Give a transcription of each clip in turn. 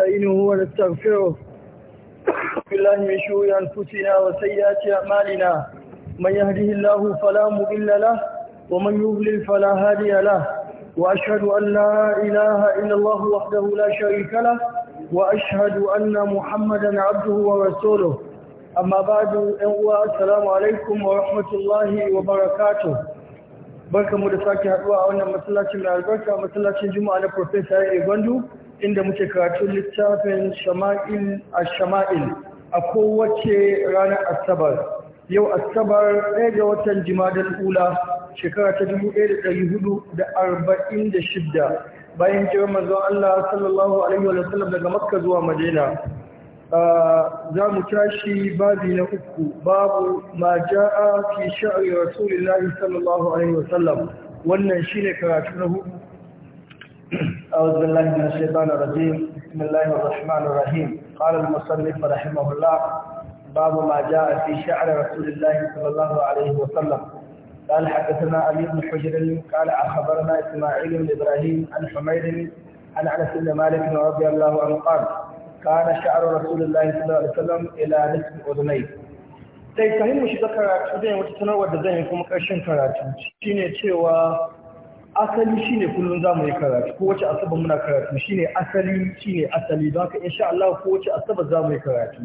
نستعينه ونستغفره بالله من شرور أنفسنا وسيئات أعمالنا من يهده الله فلا مضل له ومن يضلل فلا هادي له وأشهد أن لا إله إلا الله وحده لا شريك له وأشهد أن محمدا عبده ورسوله أما بعد أنواع السلام عليكم ورحمة الله وبركاته barkamu da sake haduwa a wannan masallacin mai albarka masallacin juma'a na professor Gwandu inda muke karatun littafin shama'il a shama'il a kowace ranar asabar yau asabar ɗaya ga watan jimadar ula shekara ta shidda. bayan jiran manzon Allah sallallahu alaihi wa sallam daga makka zuwa madina za mu tashi babi na uku babu ma ja'a fi sha'ri rasulillahi sallallahu alaihi wa sallam wannan shine karatu na hudu أعوذ بالله من الشيطان الرجيم بسم الله الرحمن الرحيم قال المصنف رحمه الله باب ما جاء في شعر رسول الله صلى الله عليه وسلم قال حدثنا علي بن حجر قال أخبرنا إسماعيل بن إبراهيم عن حميد عن أنس بن مالك رضي الله عنه قال كان شعر رسول الله صلى الله عليه وسلم إلى نصف أذنيه sai ka mu shiga karatu wata sanarwar da zan yi kuma ƙarshen karatu shine cewa asali shine kullum za mu yi karatu ko wace asaba muna karatu shine asali shine asali don haka insha Allah ko wace asaba mu yi karatu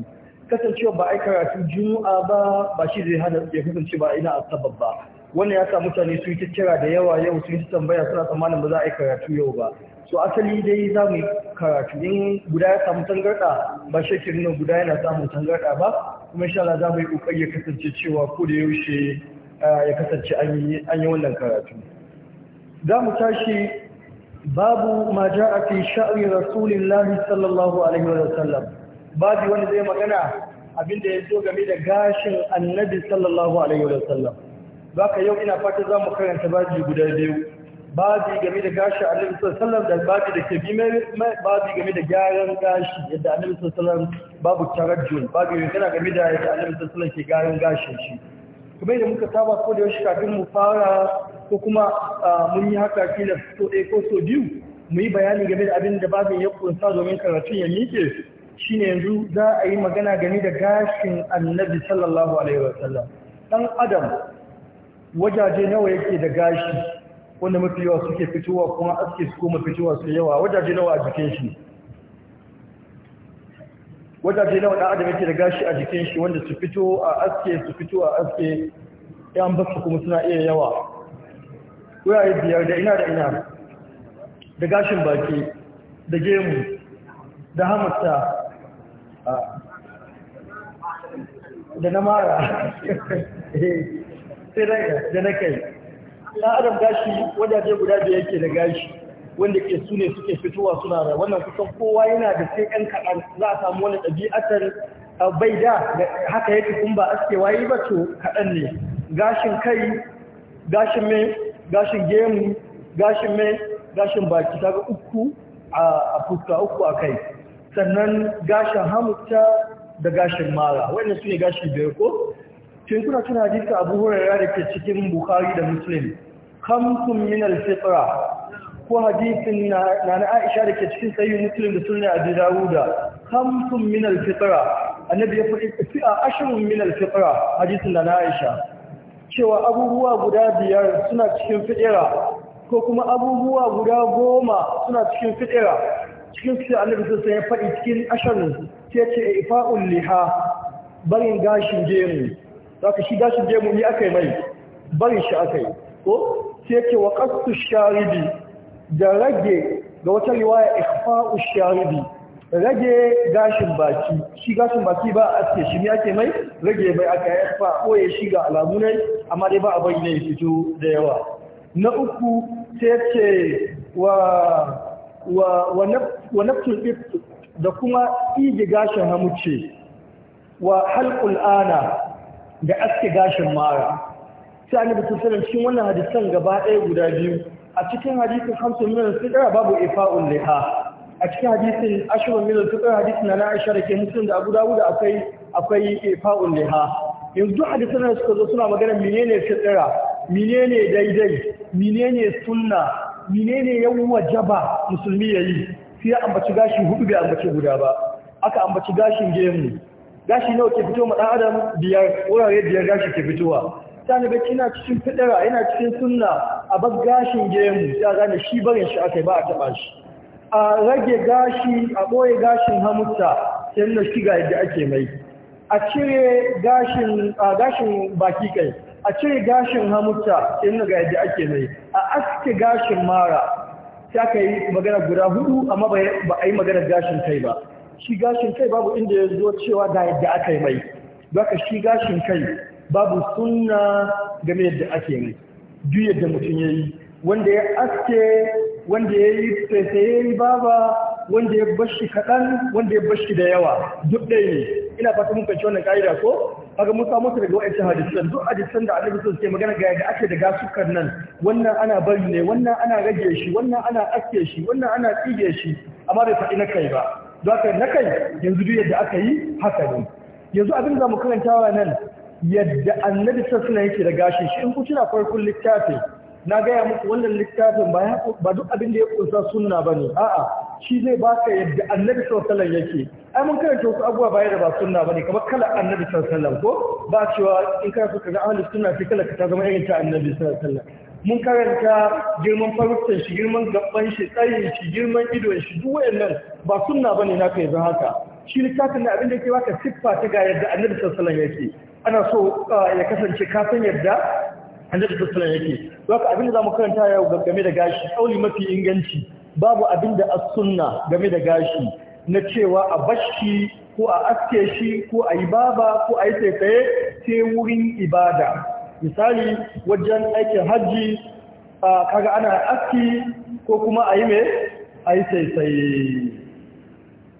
kasancewa ba a yi karatu juma'a ba ba shi zai hana ya kasance ba ina asaba ba wannan ya sa mutane sun yi kira da yawa yau sun yi tambaya suna tsammanin ba za a yi karatu yau ba to asali dai za mu yi karatu in guda ya samu tangarɗa ba shekirin nan guda yana samun tangarɗa ba kuma insha Allah za mu yi kokari ya kasance cewa ko da yaushe eh, ya kasance an yi wannan karatu za mu tashi babu ma ja a fi sha'ari rasulillahi sallallahu alaihi wa sallam babu wani zai magana abinda ya zo game da gashin annabi sallallahu alaihi wa sallam za ka yau ina fata za mu karanta babu guda biyu babu game da gashin annabi sallallahu alaihi wa sallam da babu da ke bi mai babu game da gyaran gashi yadda annabi sallallahu alaihi wa sallam babu tarajjul babu yana game da yadda annabi sallallahu alaihi wa sallam ke gyaran gashin shi kamar da muka saba ko da yaushe kafin mu fara ko kuma mun yi haka kila so ɗaya ko so biyu mu yi bayani game da abin da babin ya kunsa domin karatun ya miƙe shine yanzu za a yi magana gani da gashin annabi sallallahu alaihi wasallam Ɗan adam wajaje nawa yake da gashi wanda mafi yawa suke fitowa kuma aske su koma fitowa su yawa wajaje nawa a jikin shi wajaje nawa dan adam yake da gashi a jikin shi wanda su fito a aske su fito a aske yan basu kuma suna iya yawa yi biyar da ina da ina da gashin baki da gemu da hamasta da na mara sai da na kai ɗan adam gashi wajaje guda biyar ke da gashi wanda ke su suke fitowa suna da wannan kusan kowa yana da sai ɗan kaɗan za a samu wani ɗabi'atar bai da haka yake kun ba aske waye ba to kaɗan ne gashin kai gashin mai gashin gemu gashin mai gashin baki ta ga uku a fuska uku a kai sannan gashin hamukta da gashin mara wannan su ne gashin biyar ko tun kuna tuna hadisa abu hurairar da ke cikin bukhari da muslim kamsun min alfitra ko hadisin na na Aisha da ke cikin sayi Muslim da Sunan Abi Dawud khamsun min al-fitra annabi ya faɗi fi'a ashrun min al-fitra hadisin na Aisha cewa abubuwa guda biyar suna cikin fitira ko kuma abubuwa guda goma suna cikin fitira cikin su annabi sai ya faɗi cikin ashrun sai ce ifa'ul liha barin gashin jemu zaka shi gashin jemu ne akai mai barin shi akai ko sai ce wa qastu sharibi da rage da wata riwaya ikfa'u sharibi rage gashin baki shi gashin baki ba a aske shi ne ake mai rage mai aka yi fa koye shiga ga alamu ne amma dai ba a bari ne fito da yawa na uku sai ce wa wa wa da kuma ige gashin hamuce wa halqul ana da aske gashin mara sai annabi sallallahu alaihi wasallam cikin wannan hadisan gaba ɗaya guda biyu a cikin hadisin hamsin milar sutura babu ifa'un liha a cikin hadisin ashirin milar sutura hadisin na aisha da ke musulun da abu dawud akwai akwai ifa'un liha yanzu hadisin da suka zo suna magana menene sutura menene daidai menene sunna menene yawa jaba musulmi yayi sai ya ambaci gashi hudu bai ambaci guda ba aka ambaci gashin gemu gashi nawa ke fito ma dan adam biyar wurare biyar gashi ke fitowa sani bacci na cikin fidara yana cikin sunna a bar gashin gemu ya gane shi barin shi aka ba a taba shi a rage gashi a ɓoye gashin hamutta sai na shiga yadda ake mai a cire gashin gashin baki kai a cire gashin hamutta sai na ga yadda ake mai a aske gashin mara ta ka yi magana guda hudu amma ba a yi magana gashin kai ba shi gashin kai babu inda ya zo cewa ga yadda aka yi mai baka shi gashin kai babu sunna game da ake ne duk yadda mutum ya yi wanda ya aske wanda ya yi tsaye baba wanda ya bashi kaɗan wanda ya bashi da yawa duk ɗaya ne ina fata mun fahimci wannan ka'ida ko kaga mun samu daga wa'ancan hadisan duk hadisan da annabi sun ce magana ga yadda ake da gasukan nan wannan ana bari ne wannan ana rage shi wannan ana aske shi wannan ana tsige shi amma bai faɗi na kai ba don haka na kai yanzu duk yadda aka yi haka ne yanzu abin da mu karantawa nan yadda annabi sassana yake da gashi shi in ku tuna farkon littafin na gaya muku wannan littafin ba duk abin da ya kunsa sunna ba ne a'a shi zai baka yadda annabi sassanan yake ai mun karanta wasu abubuwa baya da ba sunna ba ne kamar kala annabi sassanan ko ba cewa in ka suka ga ahalus sunna sai kala ka ta zama irin ta annabi sassanan mun karanta girman faruktan shi girman gaban shi tsayin shi girman idon shi duk wayannan ba sunna na naka yanzu haka shi littafin da abin da yake baka siffa ta ga yadda annabi sallallahu alaihi wasallam yake ana so uh, ya kasance kafin yadda annabi sallallahu yake haka abin da za mu karanta yau game da gashi tsauri mafi inganci babu abin da asunna game da gashi na cewa a bashi ko a aske shi ko a yi baba ko a yi tsaye sai wurin ibada misali wajen aikin hajji uh, kaga ana aski ko kuma a yi mai a yi tsaye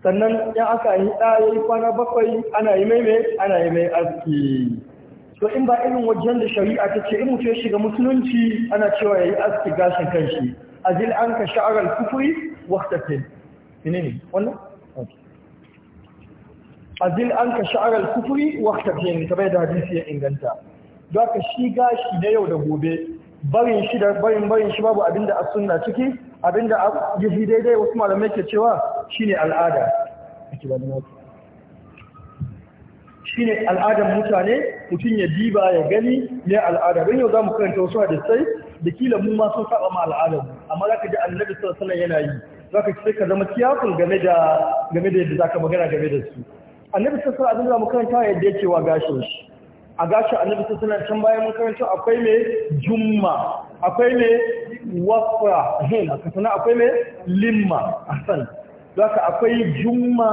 sannan ya aka yi ɗaya ya yi kwana bakwai ana yi mai mai ana yi mai aski to in ba irin wajen da shari'a ta ce in mutu ya shiga musulunci ana cewa ya yi aski gashin kanshi zil an ka sha'arar kufuri waktatin ne ne wannan zil an ka sha'arar kufuri ta bai da hadisi ya inganta don ka shi gashi na yau da gobe barin shi da barin barin shi babu abin da a sunna ciki abinda ya fi daidai wasu malamai ke cewa shine al'ada shine al'adar mutane mutum ya diba ya gani ne al'ada don yau za mu karanta wasu hadisai da kila mu ma sun saba ma al'adar amma za ka ji annabi sallallahu alaihi yana yi ka ci ka zama kiyafin game da game da yadda magana game da su annabi sallallahu alaihi wasallam karanta yadda yake wa gashin shi a gashin annabi sallallahu alaihi wasallam can bayan mun karanta akwai me jumma akwai ne wafra kasana akwai ne limma za zaka akwai jumma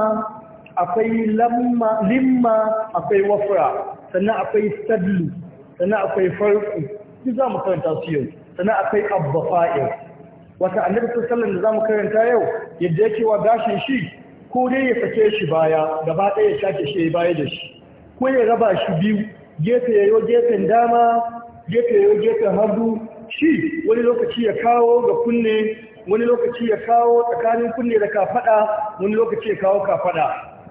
akwai lamma limma akwai wafra sannan akwai sadlu sannan akwai farko duk za mu karanta su yau sannan akwai abbafa'il wata annabi sallallahu alaihi da mu karanta yau yadda yake wa gashin shi ko dai ya sake shi baya gaba ɗaya ya sake shi baya da shi ko ya raba shi biyu gefe yayo gefen dama gefe yayo gefen hagu shi wani lokaci ya kawo ga kunne wani lokaci ya kawo tsakanin kunne da kafada wani lokaci ya kawo kafada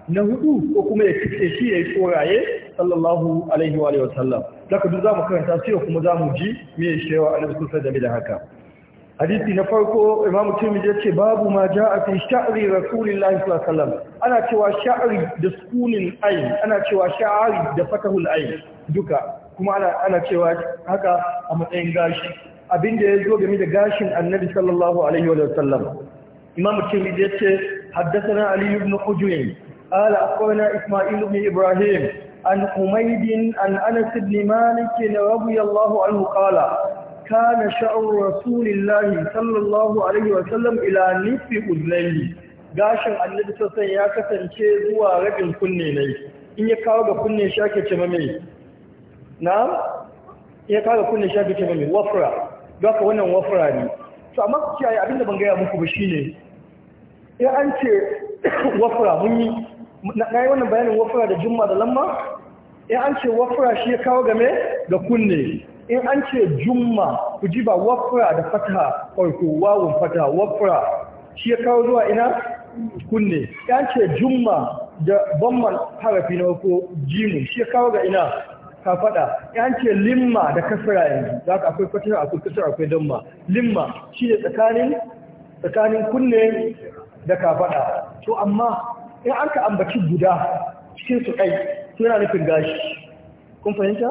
na hudu ko kuma ya kitse shi ya yi tsoraye sallallahu alaihi wa alihi wasallam zaka duk zamu karanta sai kuma zamu ji me ya shewa annabi sun sai da haka hadisi na farko imam tirmidhi ya ce babu ma ja'a fi sha'ri rasulillahi sallallahu alaihi wasallam ana cewa sha'ri da sukunin ayn ana cewa sha'ri da fatahul ayn duka kuma ana cewa haka a matsayin gashi abinda ya zo game da gashin annabi sallallahu alaihi wa sallam imam tirmidhi yace haddathana ali ibn hujayr qala akhbarana isma'il ibn ibrahim an umayd an anas ibn malik radiyallahu anhu qala kana sha'ru rasulillahi sallallahu alaihi wa sallam ila nisfi udhnayhi gashin annabi sallallahu ya kasance zuwa rabin kunne ne in ya kawo ga kunne shi ake ce mai na ya kaga kunna shafi ce mai wafura don ka wannan wafura ne to amma ku kiyaye abinda ban gaya muku ba shine in an ce wafura mun yi na yi wannan bayanin wafura da jumma da lamma ya an ce wafura shi ya kawo game da kunne in an ce jumma ku ji ba wafura da fataha farko wawun fataha wafura shi ya kawo zuwa ina kunne ya an ce jumma da bamman harafi na ko jimu shi ya kawo ga ina ka faɗa yan ce limma da kasara yanzu za ka akwai fatina akwai kasara akwai damma limma shi ne tsakanin kunne da ka faɗa to amma in an ka ambaci guda cikin su to yana nufin gashi kun fahimta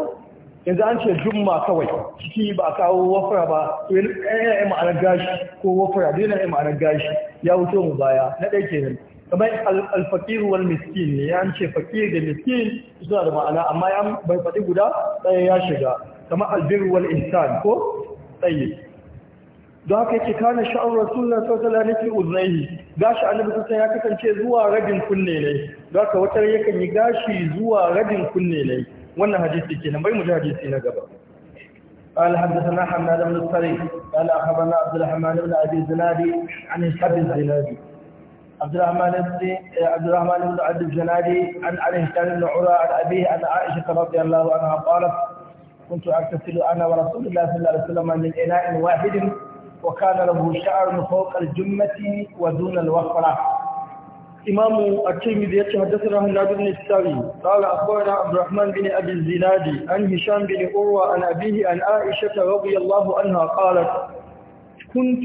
yanzu an ce jumma kawai ciki ba a kawo wafara ba yana yi ma'anar gashi ko wafara yana yi ma'anar gashi ya wuce mu baya na ɗaya kenan kamar alfakir wal miskin ne ya ce fakir da miskin suna da ma'ana amma ya bai faɗi guda ɗaya ya shiga kamar albir wal ihsan ko tsaye don haka yake kana sha'ar rasulullah sallallahu alaihi uzaihi gashi annabi sallallahu ya kasance zuwa rabin kunne ne don haka wata yakan yi gashi zuwa rabin kunne ne wannan hadisi kenan bai mu ji hadisi na gaba قال حدثنا حماد بن الصريح قال أخبرنا عبد الرحمن بن أبي الزنادي عن الحب الزنادي عبد الرحمن بن عبد الرحمن بن عبد الجنادي عن علي هشام بن عروة عن أبيه عن عائشة رضي الله عنها قالت كنت أغتسل أنا ورسول الله صلى الله عليه وسلم من إناء واحد وكان له شعر فوق الجمة ودون الوفرة إمام الترمذي حدثنا هناد بن السري قال أخبرنا عبد الرحمن بن أبي الزناد عن هشام بن عروة عن أبيه عن عائشة رضي الله عنها قالت كنت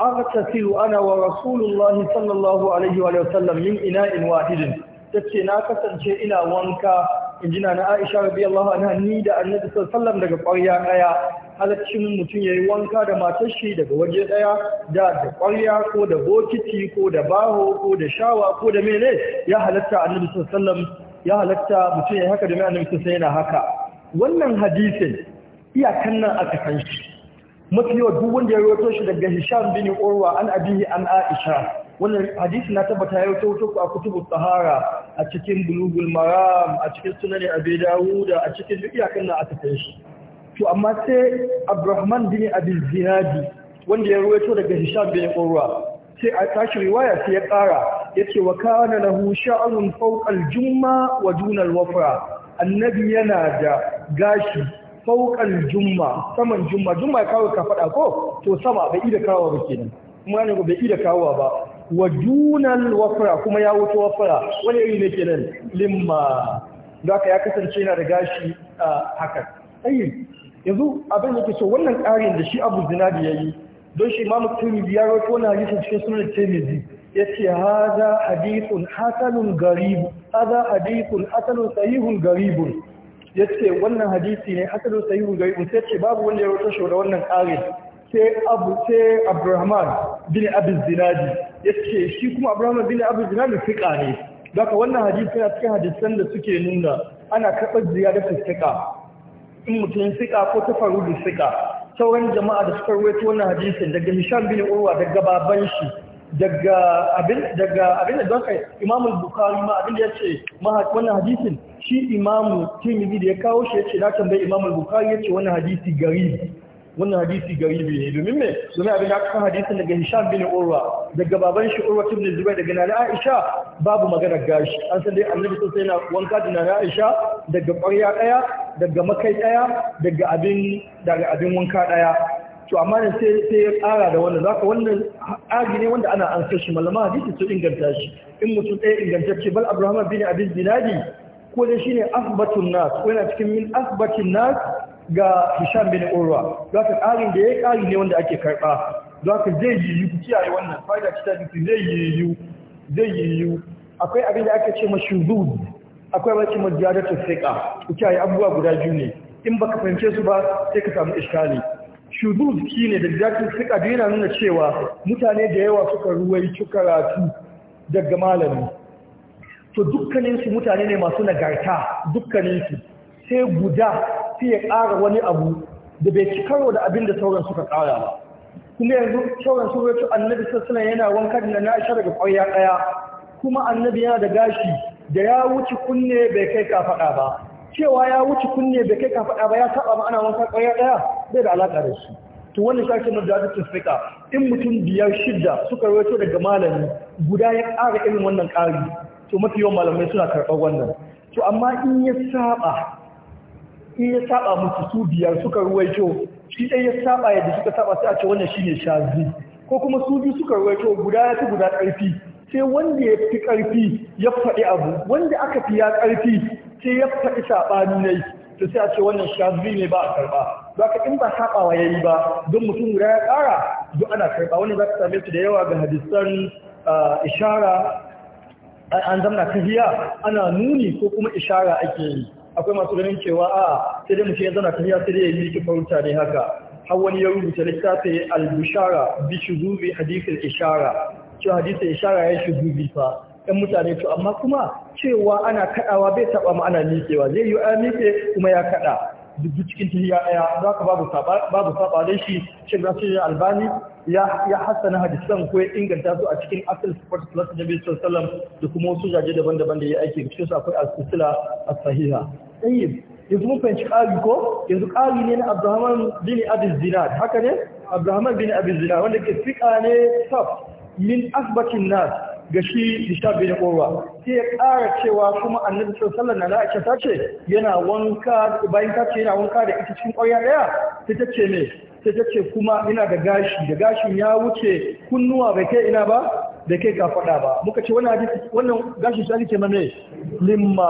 أغتسل أنا ورسول الله صلى الله عليه وسلم من إناء واحد تتشينا كسن شيئنا وانكا injina na Aisha radiyallahu anha ni da Annabi sallallahu daga ƙwarya ɗaya halaccin mutum yayi wanka da matar shi daga waje ɗaya da da ƙwarya ko da bokiti ko da baho ko da shawa ko da mene ya halatta Annabi sallallahu ya halatta mutum yayi haka da mai Annabi sallallahu yana haka wannan hadisin iyakan nan aka san shi mafiyo duk wanda ya rawaito shi daga Hisham bin Urwa an abihi an Aisha wannan hadisi na tabbata ya rawaito ku a kutubu Sahara a cikin Bulugul Maram a cikin Sunan Abi Dawuda, a cikin duk iyakan nan aka kai shi to amma sai Abdurrahman bin Abi wanda ya rawaito daga Hisham bin Urwa sai a tashi riwaya sai ya kara yace wa kana lahu sha'run fawqa al-jumma wa duna wafra annabi yana da gashi fauƙan jumma saman jumma jumma kawo ka faɗa ko to sama bai ida kawo ba kenan kuma ne bai ida kawo ba wa dunal wafra kuma ya wuce wafra wani iri ne kenan limma da ya kasance yana da gashi a haka ayi yanzu abin da ke so wannan ƙarin da shi abu zinadi ya yi don shi imamu tirmidhi ya rawaito wannan hadisin cikin sunan tirmidhi yace hadha hadithun hasanun garib hadha hadithun hasanun sahihun garibun ya ce wannan hadisi ne asalin sahihu gari sai ce babu wanda ya rota shi da wannan ƙari sai abu sai abdurrahman bin abu zinadi ya ce shi kuma abrahman bin abin zinadi fiƙa ne daga wannan hadisi yana cikin hadisan da suke nuna ana karɓar da fiƙa in mutum fiƙa ko ta faru da fiƙa sauran jama'a da suka ruwaito wannan hadisin daga mishan bin urwa daga baban shi daga abin da don kai imamul bukari ma abin da ya ce wannan hadisin shi imamu tirmidhi da ya kawo shi yace na tambayi imamu bukhari yace wannan hadisi garibi wannan hadisi garibi ne domin me domin abin da aka san hadisin daga hisham bin urwa daga baban shi urwa ibn zubair daga nana aisha babu magana gashi an san dai annabi sosai yana wanka da nana aisha daga ƙwarya ɗaya daga makai ɗaya daga abin daga abin wanka ɗaya to amma ne sai sai ya ƙara da wannan zaka wannan agi ne wanda ana an san shi malama hadisi su inganta shi in mutum ɗaya ingantacce bal abrahama bin abin zinadi ko dai shine asbatun nas yana cikin min asbatin nas ga Hisham bin Urwa ka ƙarin da yayi ƙari ne wanda ake karba zaka zai yi yi ku kiyaye wannan fa'ida ta tafi zai yi yi zai yi yi akwai abin da aka ce Shuzud akwai wacce majiyadatu fiqa ku kiyaye abubuwa guda biyu ne in baka fahimce su ba sai ka samu iskali shuzud shine da zaka fiqa yana nuna cewa mutane da yawa suka ruwaici cikaratu daga malami to dukkaninsu mutane ne masu nagarta dukkaninsu sai guda sai ya ƙara wani abu da bai ci karo da abin da sauran suka ƙara ba kuma yanzu sauran sun wato annabi sassana yana wanka da na isha daga ƙwarya ɗaya kuma annabi yana da gashi da ya wuce kunne bai kai kafaɗa ba cewa ya wuce kunne bai kai kafaɗa ba ya saba ma ana wanka ƙwarya ɗaya bai da alaƙa da shi to wannan shi ake da hadisin in mutum biyar shidda suka wato daga malami guda ya ƙara irin wannan ƙari to mafi yawan malamai suna karɓar wannan to amma in ya saba in ya saba musu su biyar suka ruwaito shi ɗaya ya saba yadda suka saba sai a ce wannan shine shazi ko kuma su biyu suka ruwaito guda ya fi guda ƙarfi sai wanda ya fi ƙarfi ya faɗi abu wanda aka fi ya ƙarfi sai ya faɗi saɓani ne to sai a ce wannan shazi ne ba a karɓa Ba ka in ba saɓawa ya yi ba don mutum guda ya ƙara duk ana karɓa wani za ka same su da yawa ga hadisan ah, ishara an zamna tahiya ana nuni ko kuma ishara ake yi akwai masu ganin cewa a sai dai mutum ya zana tahiya sai dai ya yi farunta ne haka har wani ya rubuta littafi al-bushara bi shuzubi hadith ishara cewa hadith ishara ya shuzubi fa ɗan mutane to amma kuma cewa ana kaɗawa bai taɓa ma ana miƙewa zai yi a miƙe kuma ya kaɗa duk cikin tahiya ɗaya za ka babu saɓa da shi shi na albani ya hassana hadisan ko ya inganta su a cikin asal sifar salatu nabi Salam da kuma wasu jaje daban-daban da ya aiki cikin su akwai as a sahiha yanzu mun fahimci ƙari ko yanzu ƙari ne na Abdulhamar bin abin zina haka ne Abdulhamar bin abin zina wanda ke fika ne saf min asbatin nas ga shi Hisham da ƙorwa. sai ya ƙara cewa kuma Annabi sallallahu alaihi wasallam ta ce yana wanka bayan ta yana wanka da ita cikin ƙwarya daya sai ta ce me sai ta ce kuma ina da gashi da gashin ya wuce kunnuwa bai kai ina ba ke kai faɗa ba muka ce wannan hadisi wannan gashin shi ake ma me limma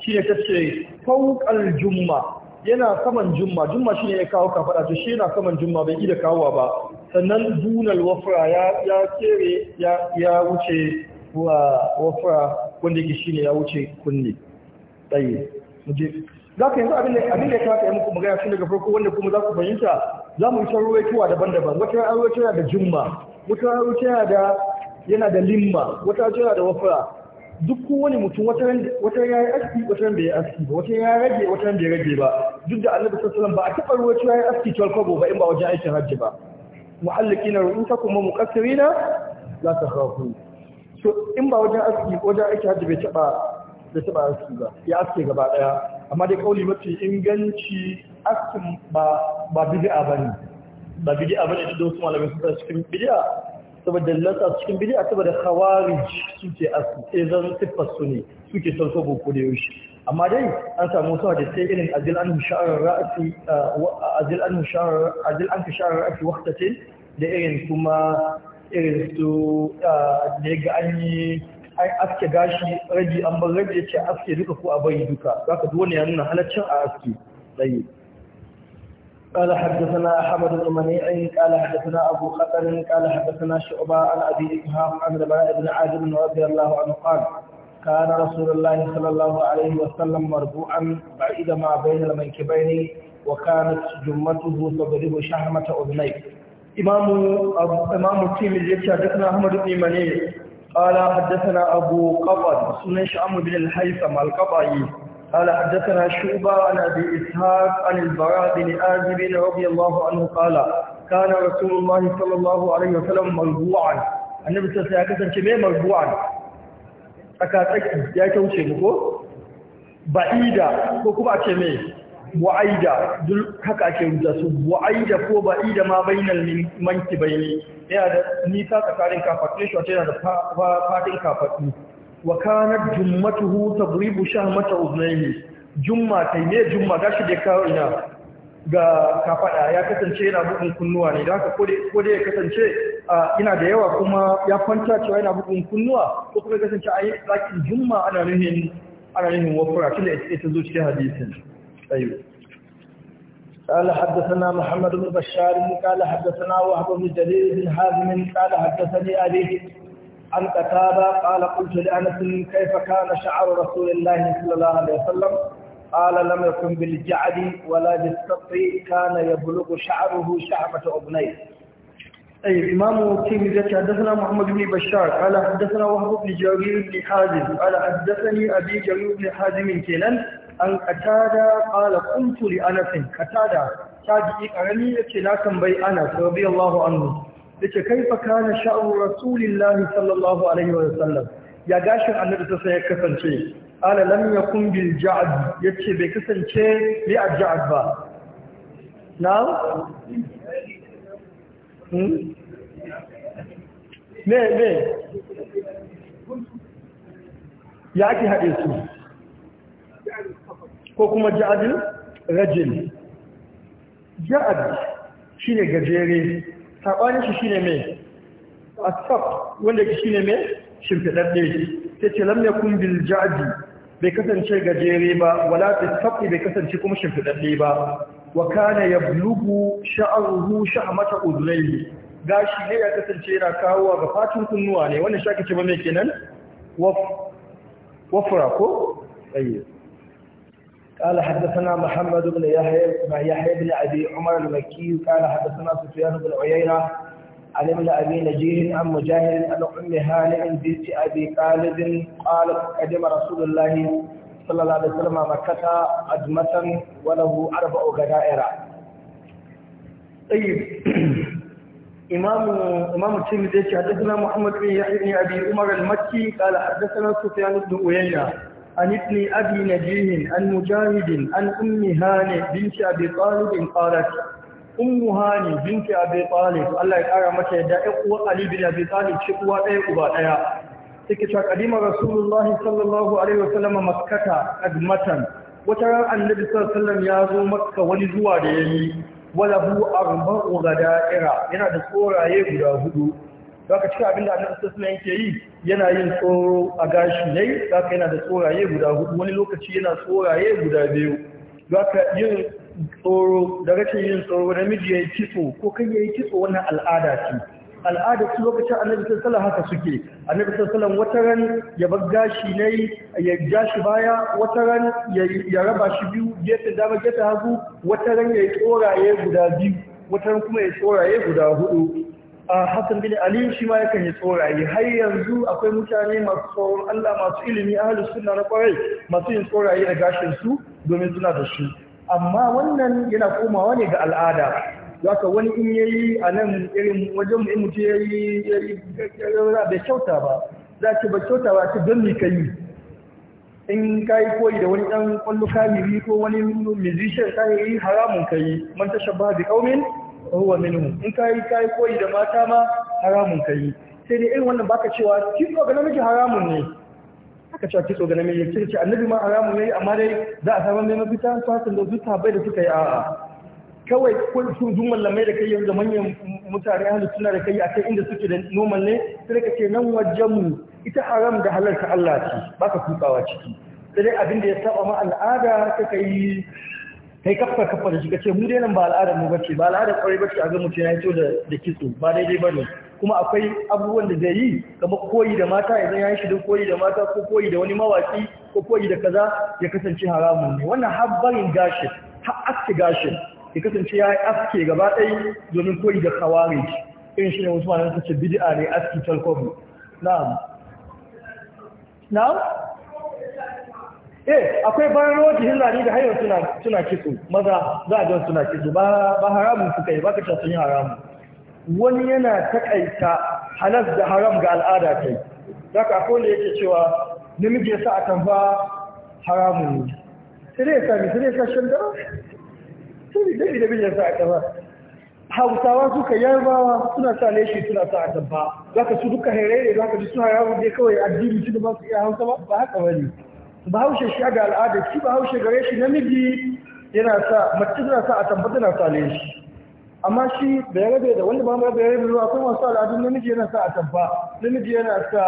shi ne ta ce fawqal jumma yana saman jumma jumma shine ya kawo kafada to shi yana saman jumma bai ida kawowa ba sannan dunal wafra ya ya kere ya ya wuce wa wafra wanda yake ne ya wuce kunne tsaye muje za ka yanzu abin da ya ka yi muku magana tun daga farko wanda kuma za ku fahimta za mu yi ta ruwaitowa daban-daban wata ruwaitowa da jumma wata ruwaitowa da yana da limma wata ruwaitowa da wafra duk wani mutum wata ya yi aski wata bai yi aski ba wata ya rage wata bai rage ba duk da annabi sallallahu ba a taɓa ruwa cewa ya yi aski cewa kwabo ba in ba wajen aikin hajji ba mu'allikina ta kuma za ta takhafu so in ba wajen aski wajen aikin hajji bai taɓa bai taɓa aski ba ya aske gaba ɗaya amma dai kauli mafi inganci askin ba ba bid'a bane ba bid'a bane da wasu malamai suka cikin bid'a saboda lantar cikin bid'a saboda khawarij suke asu zan siffar su ne suke son boko da yaushe amma dai an samu wasu sai irin azil an sha'ar ra'asi uh, azil an sha'ar azil an ra'asi waqtatin da irin kuma irin su uh, da ga an yi ai aske gashi rage an bar rage ce aske duka ko a bari duka zaka duk wani ya nuna halaccin a aske dai قال حدثنا أحمد بن منيع قال حدثنا أبو خطر قال حدثنا شعبة عن أبي إبهام عن رباء بن عازم رضي الله عنه قال كان رسول الله صلى الله عليه وسلم مربوعا بعيد ما بين المنكبين وكانت جمته تضرب شحمة أذنيه إمام إمام التيمي حدثنا أحمد بن منيع قال حدثنا أبو قبر سنن شعم بن الهيثم القبعي قال حدثنا شعبة عن أبي إسحاق عن البراء بن آزب رضي الله عنه قال كان رسول الله صلى الله عليه وسلم مربوعا النبي صلى الله عليه وسلم مربوعا أكاتك يا كوشي مكو بعيدا كوكو أكيمي wa'aida duk haka ake rubuta su wa'aida ko ba'ida ma bainal manki bayni yana da nisa tsakanin kafatun shi wata yana da fadin kafatun wa kana jummatuhu tadribu shahmata uznayhi jumma kai ne jumma gashi da kawo ina ga fada ya kasance yana bugun kunnuwa ne da haka ko da ya kasance ina da yawa kuma ya kwanta cewa yana bugun kunnuwa ko kuma kasance a yi jumma ana nuhin ana nuhin wafura tunda ita zo cikin hadisin tsayo قال حدثنا محمد بن بشار قال حدثنا وهب بن جرير بن حازم قال حدثني ابي عن قتادة قال قلت لأنس كيف كان شعر رسول الله صلى الله عليه وسلم قال لم يكن بالجعد ولا بالسط كان يبلغ شعره شعبة أبنيه أي إمام تيمية حدثنا محمد بن بشار قال حدثنا وهب بن جرير بن حازم قال حدثني أبي جرير بن حازم كيلان أن قتادة قال قلت لأنس قتادة تاجي أرمي كنا كان بي أنس رضي الله عنه kai kaifa kana sha'u rasulillahi sallallahu alaihi wa sallam ya gashin annabi sai ya kasance ala lam yakun bil ja'd yace bai kasance bi a ja'ad ba na'am ne hmm? ne ya ake haɗe su ko kuma ja'adin rajin ja'ad shi ne gajere saɓanin shi shine me asfaq wanda shi shine me shimfidadde ta ce lamya kun bil bai kasance gajere ba wala tasafi bai kasance kuma shimfidadde ba wa kana yablugu sha'ruhu shahmata udlayhi gashi ne ya kasance yana kawo ga fatun kunnuwa ne wanda shaka ce ba me kenan wafura ko ayyuka قال حدثنا محمد بن يحيى يحيى بن أبي عمر المكي قال حدثنا سفيان بن عيينة عن ابن أبي نجيه عن مجاهد عن أم هانئ بنت أبي خالد قالت قدم رسول الله صلى الله عليه وسلم مكة أدمة وله أربع غدائر طيب إمام إمام الترمذي حدثنا محمد بن يحيى بن أبي عمر المكي قال حدثنا سفيان بن عيينة عن ابن أبي نجيه عن مجاهد عن أم هاني بنت أبي طالب قالت أم هاني بنت أبي طالب الله يقرأ متى دائق وقلي بن أبي طالب شقوة أيقوة أيا تكتشى قديم رسول الله صلى الله عليه وسلم مكة أدمة وترى النبي صلى الله عليه وسلم يازو مكة ولزوا ديني وله أربع غدائر هنا دكورة يبدأ هدوء baka cika abinda annabi sallallahu alaihi yake yi yana yin tsoro a gashi ne zaka yana da tsoraye guda hudu wani lokaci yana tsoraye guda biyu zaka yin tsoro da rashin yin tsoro namiji yayi kitso ko kai yayi kitso wannan al'ada ce al'ada su lokacin annabi sallallahu haka suke annabi sallallahu wata ran ya bar gashi ne ya gashi baya wata ran ya raba shi biyu gefe dama gefe hagu wata ran ya tsoraye guda biyu wata ran kuma ya tsoraye guda hudu A Hassan bin Ali shi ma yakan yi tsoraye har yanzu akwai mutane masu tsoron Allah masu ilimi halin sunna na kwarai masu yin tsoraye da gashin su domin suna da shi amma wannan yana komawa ne ga al'ada zaka wani in yayi a nan irin wajen mu in mutu yayi yayi bai kyauta ba za ki ba kyauta ba ki don mi kai in kai koyi da wani dan kwallo kamiri ko wani musician yi haramun kai man tashabba bi qaumin fa huwa in kai kai koyi da mata ma haramun kai sai dai irin wannan baka cewa kitso ga namiji haramun ne aka cewa kitso ga namiji kin ce annabi ma haramun ne amma dai za a samu mai mafita to hakan da zuta bai da suka yi a'a kawai sun zun mallamai da kai yanzu manyan mutane hannu suna da kai a kai inda suke da noman ne sai ka ce nan wajenmu ita haram da halarta Allah ce baka ka kutsawa ciki sai dai abin da ya saba ma al'ada ta kai kai kafa kafa da shi ka ce mu dai nan ba al'adar mu bace ba al'adar kwarai bace a ga mutum ya fito da da kitso ba daidai bane kuma akwai abubuwan da zai yi kamar koyi da mata idan ya yi shi koyi da mata ko koyi da wani mawaki ko koyi da kaza ya kasance haramun ne wannan habbarin gashin har aske gashin ya kasance ya yi aske gaba ɗaya domin koyi da kawari irin shi ne wasu malamai suka ce bid'a ne aski talkobi na'am na'am eh akwai bayan roji hillari da hanyar suna suna kitso maza za a suna kitso ba ba haramun suka yi ba ka ta sun yi haramun wani yana takaita halas da haram ga al'ada kai zaka akwai wanda yake cewa namiji ya sa a tamfa haramun ne sai dai ya sami sai dai ya sa shan dara sai dai da bijin sa a tamfa hausawa suka yarbawa suna sa leshi suna sa a tamfa zaka su duka hairere zaka ji suna haramun dai kawai addini shi da ba su iya hausa ba ba haka bane bahaushe shi ga al'ada shi bahaushe gare shi namiji yana sa mace zana sa a tabbata na sa shi amma shi da ya rabe da wanda ba ma da ya rabe akwai masu al'adun namiji yana sa a tabba namiji yana sa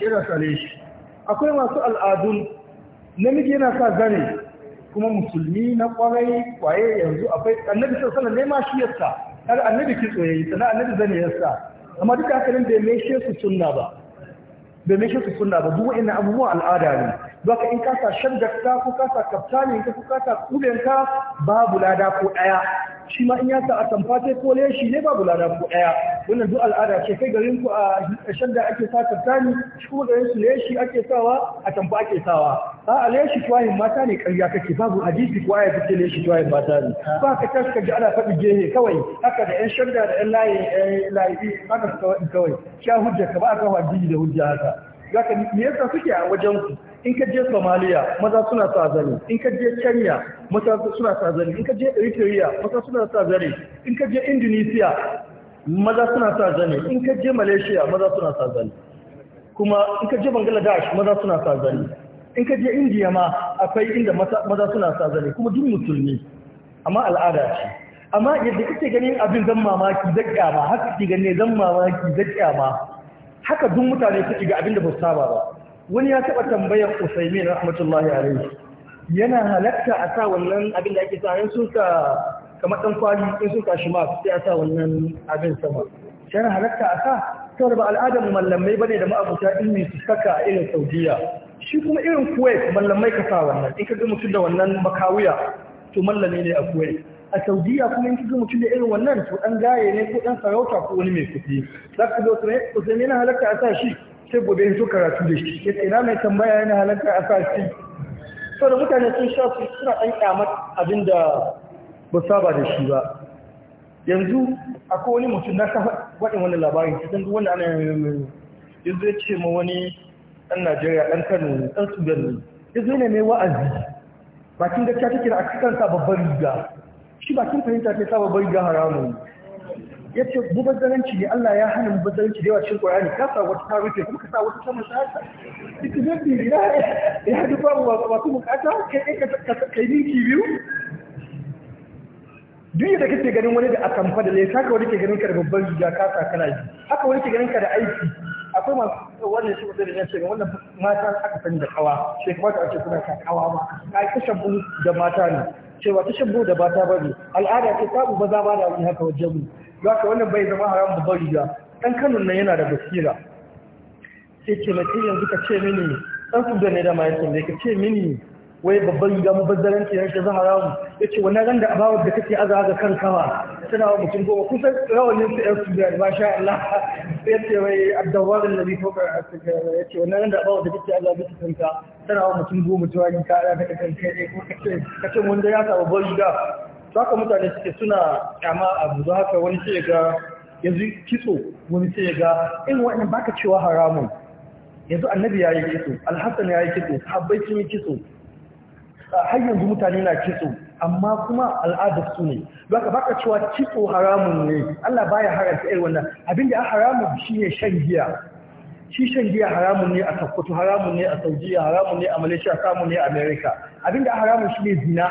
yana sale shi akwai masu al'adun namiji yana sa zane kuma musulmi na kwarai kwaye yanzu akwai annabi sai sallan ne ma shi yasa har annabi kitso yayi sana annabi zane yasa amma duka haka bai bai shi su sunna ba bai shi su sunna ba duk wa'annan abubuwan al'ada ne baka in kasa jakka, ko kasa kaftanin ka ko kasa kulenka babu lada ko daya shi ma in ya sa atamfa ko leshi ne babu lada ko daya wannan duk al'ada ce kai garin ku a shadda ake sa kaftani shi kuma garin su leshi ake sawa tamfa ake sawa a a leshi tuwayin mata ne karya kake babu hadisi ko aya take leshi tuwayin mata ne ba ka tashi ka ji ana faɗi gehe kawai haka da yan shadda da yan layi layi haka kawai sha hujja ka ba ka hujji da hujja haka zaka me yasa suke a wajen ku in ka je Somalia maza suna sa zane. in ka je Kenya maza suna sa zane. in ka je Eritrea maza suna sa zane. in ka je Indonesia maza suna sa zane. in ka je Malaysia maza suna sa zane. kuma in ka je Bangladesh maza suna sa zane. in ka je India ma akwai inda maza suna sa zane. kuma duk musulmi amma al'ada ce amma yadda kake ganin abin zan mamaki zakka ma haka kake ganin zan mamaki zakka ma haka duk mutane suke ga abin da ba su saba ba wani ya taba tambayar usaimin rahmatullahi alaihi yana halatta a sa wannan abin da ake sa in ka kamar ɗan kwali in ka shi ma sai a sa wannan abin sama yana halatta a sa saboda ba al'adar mallamai bane da ma'abuta ilmi su saka a irin saudiya shi kuma irin kuwait mallamai ka sa wannan in ka ga mutum da wannan makawiya to mallami ne a kuwait a saudiya kuma in cikin mutum da irin wannan to dan gaye ne ko dan sarauta ko wani mai kuɗi za ka zo su ne na halatta a sa shi sai gobe hito karatu da shi ya ina mai tambaya yana halatta a sa shi sau da mutane sun sha su suna ɗan ƙyamar abin da ba saba da shi ba yanzu akwai wani mutum na kafa waɗin wani labarin cikin wani ana yanzu ya ce ma wani ɗan najeriya ɗan kano ɗan sudan ne yanzu yana mai wa'azi bakin gaskiya take da a babban riga shi ba kin fahimta sai saba bai ga haramun ya ce mubazzaranci ne Allah ya hana mubazzaranci da yawa Qur'ani ka sa wata ta kuma ka sa wata sama ta haka duk da bi ya ya duk babu ba kuma ka kai ka yi ki biyu duk da kake ganin wani da akamfa da lai saka wani ke ganin ka da babban riga ka sa kana ji haka wani ke ganin ka da aiki akwai masu wannan shi da ya ce wannan mata aka sani da kawa sai kuma ta ce kuna ka kawa ma ka kashe da mata ne cewa ta shan da ba ta bari al'ada ce ta ba za ma da wani haka wajen mu za ka wannan bai zama haram bari ba? ɗan kanun nan yana da basira sai ce mai yanzu ka ce mini ɗan su da ne da mahaifin ne ka ce mini wai babban rigan bazaranci na shaza haramu ya ce wannan ran da abawar da kake aza ga kan kawa tana wa mutum goma kusan rawanin su yan su ba sha Allah ya ce wai addawarin da bi fokar a cikin ya ce wannan ran da abawar da kake aza ga kan ka tana wa mutum goma tuwa ni ka ala daga kan kai ne ko kace wanda ya sa babban riga to haka mutane suke suna kyama abu don haka wani sai ga yanzu kitso wani sai ga In wannan baka cewa haramun yanzu annabi ya yi kitso alhassan ya yi kitso habbai sun yi kitso har yanzu mutane na kitso amma kuma al'adar su ne baka baka cewa kitso haramun ne Allah baya haramta irin wannan abinda haramun shine shan giya shi shan giya haramun ne a Sokoto haramun ne a Saudiya haramun ne a Malaysia haramun ne a America abinda haramun shine zina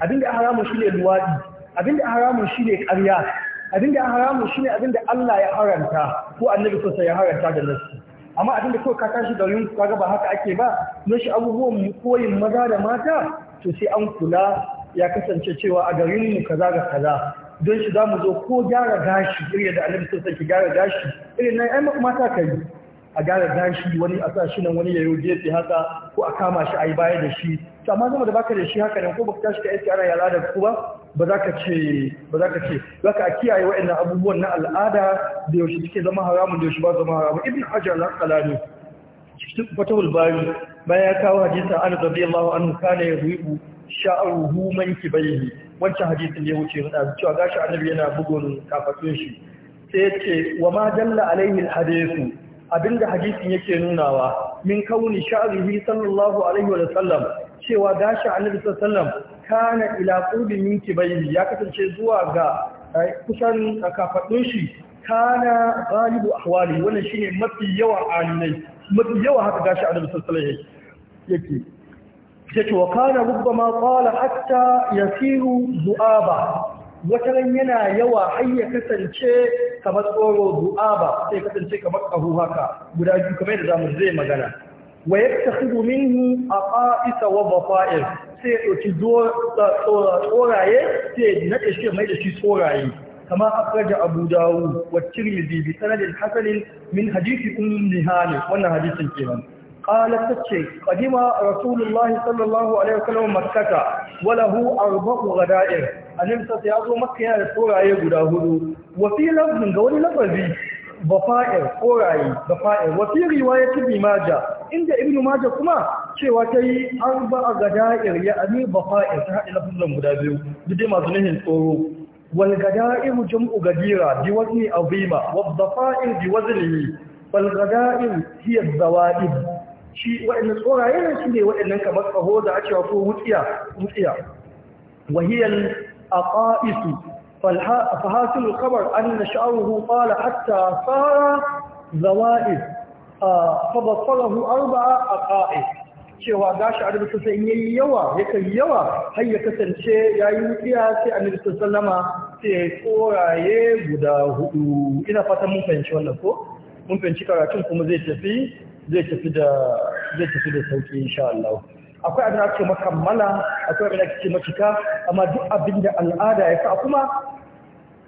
abinda haramun shine luwadi abinda haramun shine ƙarya abinda haramun shine abinda Allah ya haranta ko Annabi sosai ya haranta da nasu amma abin da kawai ka tashi da yin kaga ba haka ake ba don shi abubuwan koyin maza da mata to sai an kula ya kasance cewa a garin mu kaza ga kaza don shi zamu zo ko gyara gashi irin da annabi sai ki gyara gashi irin nan ai mata kai a gyara gashi wani a sa shi nan wani yayo gefe haka ko a kama shi a yi baya da shi to amma zama da baka da shi haka nan ko baka tashi ka aiki ana yala da ku ba ba za ka ce ba za ka ce za ka kiyaye waɗannan abubuwan na al'ada da yaushe suke zama haramun da yaushe ba zama haramun ibn hajar al-asqalani cikin fatahul bari bayan ya kawo hadisa an radiyallahu anhu kana yuhibu sha'ruhu man kibayhi wancan hadisin ya wuce na cewa gashi annabi yana bugun kafatun shi sai ya ce wa ma dalla alaihi al-hadithu abinda hadisin yake nunawa min kauni sha'rihi sallallahu alaihi wa sallam cewa gashi annabi sallallahu kana ila qurbi minki bayni ya kasance zuwa ga eh, kusan kafadun shi kana galibu ahwali wannan shine mafi yawan alinai mafi yawa haka gashi annabi sallallahu yake yake wa kana rubbama qala hatta yasiru zuaba wata ran yana yawa har ya kasance kamar tsoro zuaba sai kasance kamar kahu haka guda biyu kamar da zamu zai magana wa ya ta hudu a ƙa’isa wa bafa’il sai ya ɗauki tsoraye sai na ƙashe mai da shi tsoraye kama akwai da abu dawo wa cikin da sanadin hasalin min hadisi un nihali wannan hadisin ke nan ƙalar ta ce ƙadima rasulullahi sallallahu alaihi wasallam makaka wala hu arba'u gada'ir anin sa ya zo makka yana da tsoraye guda hudu wa fi lafin ga wani lafazi bafa'ir koraye bafa'ir wa fi ya ci maja inda ibn maja kuma cewa ta yi arba'a gada'ir ya ani bafa'ir ta haɗe lafazan guda biyu duk dai masu nihin tsoro wal gada'ir jam'u gadira bi wazni azima wa bafa'ir bi waznihi wal gada'ir hiya zawaid shi wa'annan tsoraye ne shine wa'annan kamar kaho da a cewa ko wutsiya wutsiya a aqa'isu فحاصل الخبر أن شعره طال حتى صار زوائد فبصره أربع أقائد cewa gashi a rubuta sai yayi yawa yakan yawa har ya kasance yayi wuya sai annabi sallama sai koraye guda hudu ina fatan mun fahimci wannan ko mun fahimci karatun kuma zai tafi zai tafi da zai tafi da sauki insha Allah akwai abin da ake makammala akwai abin da ake macika amma duk abin da al'ada ya sa kuma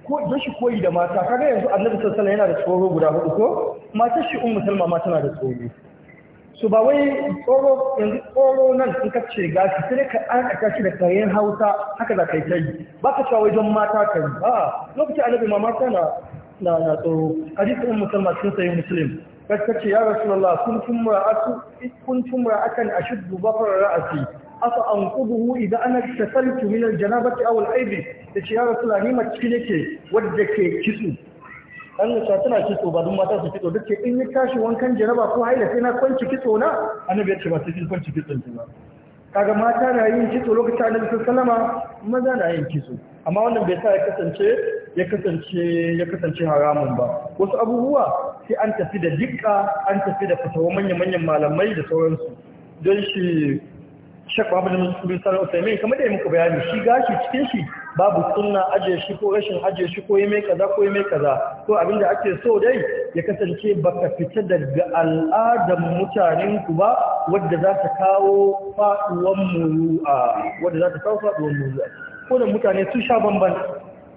ko da shi koyi da mata kaga yanzu annabi sallallahu alaihi yana da tsoro guda hudu ko matar shi ummu salma ma tana da tsoro su ba wai tsoro yanzu tsoro nan in ka ce gashi sai ka aka shi da kayan Hausa haka za ka yi tai baka cewa don mata kai a lokacin annabi ma mata na na na tsoro hadisi ummu salma sun sayi muslim ce ya rasulallah', kun tumra asu kun tumra akan ashuddu bafar ra'asi Afa anquduhu idan ana tasaltu min aljanabati aw da tace ya rasulullah ni mace nake wadda ke kitso. dan ta tana kitso ba dun mata su kitso duk in ya tashi wankan janaba ko haila sai na kwanci kitso na annabi ya ce ba sai kin kwanci kitson ki ba kaga mata na yin kitso lokacin annabi sallallahu alaihi maza na yin kitso amma wannan bai sa ya kasance ya kasance ya kasance haramun ba wasu abubuwa sai an tafi da dika an tafi da fatawa manya-manyan malamai da sauransu don shi shakwa abu da musulun sarar usaimai kamar da ya muku bayani shi gashi cikin shi babu sunna ajiye shi ko rashin ajiye shi ko yi kaza ko yi kaza ko abin da ake so dai ya kasance baka fita daga al'adar mutanen ku ba wadda za ta kawo faɗuwar muru'a wadda za ta kawo muru'a ko da mutane sun sha bamban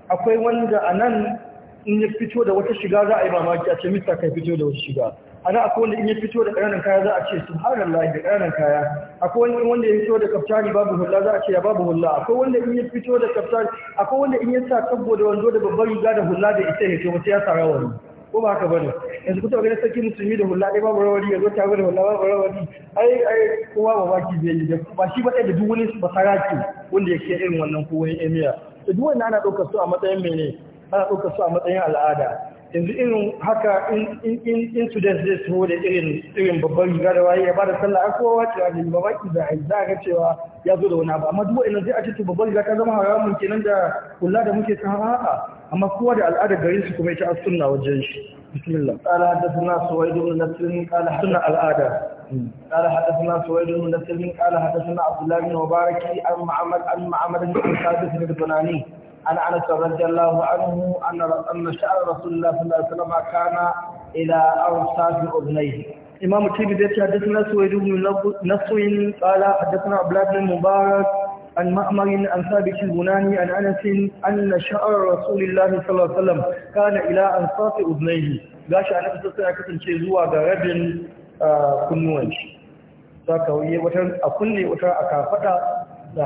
akwai wanda a nan in ya fito da wata shiga za a yi mamaki a ce mista kai fito da wata shiga ana akwai wanda in ya fito da ƙananan kaya za a ce subhanallah da ƙananan kaya akwai wanda ya fito da kaftani babu hulla za a ce ya babu hulla akwai wanda in ya fito da kaftani akwai wanda in ya sa kabbo da wando da babbar riga da hulla da ita ya ce wata ya sa rawani ko ba haka bane yanzu kuma ga sarki musulmi da hulla dai babu rawari yanzu ta ga hulla babu rawari ai ai kowa ba ki zai da ba shi ba da duk wani saraki wanda yake irin wannan ko wani emir to duk wannan ana daukar su a matsayin mene ana daukar su a matsayin al'ada yanzu irin haka in students dai su da irin irin babban riga da waye ya ba da sallah ko wace a ba ba ki a za ga cewa ya zo da wani abu amma duk wannan sai a ce to babban riga ta zama haramun kenan da kula da muke kan a'a amma kowa da al'adar garin su kuma ita as-sunna wajen shi bismillah qala hadathna suwaid ibn nasr qala hadathna al'ada hmm. qala hadathna suwaid ibn nasr qala hadathna abdullah ibn mubarak an ma'amad an ma'amad ibn sabit ibn bunani عن انس رضي الله عنه ان ان شعر رسول الله صلى الله عليه وسلم كان الى اوساط اذنيه امام الترمذي حدثنا سويد بن نصر قال حدثنا عبد الله عن مأمر عن ثابت البناني عن أنس أن شعر رسول الله صلى الله عليه وسلم كان إلى أنصاف أذنيه لاش أنا sallallahu alaihi wasallam kasance zuwa ga rabin kunnuwan shi saka waye wata a kunne wata a kafada da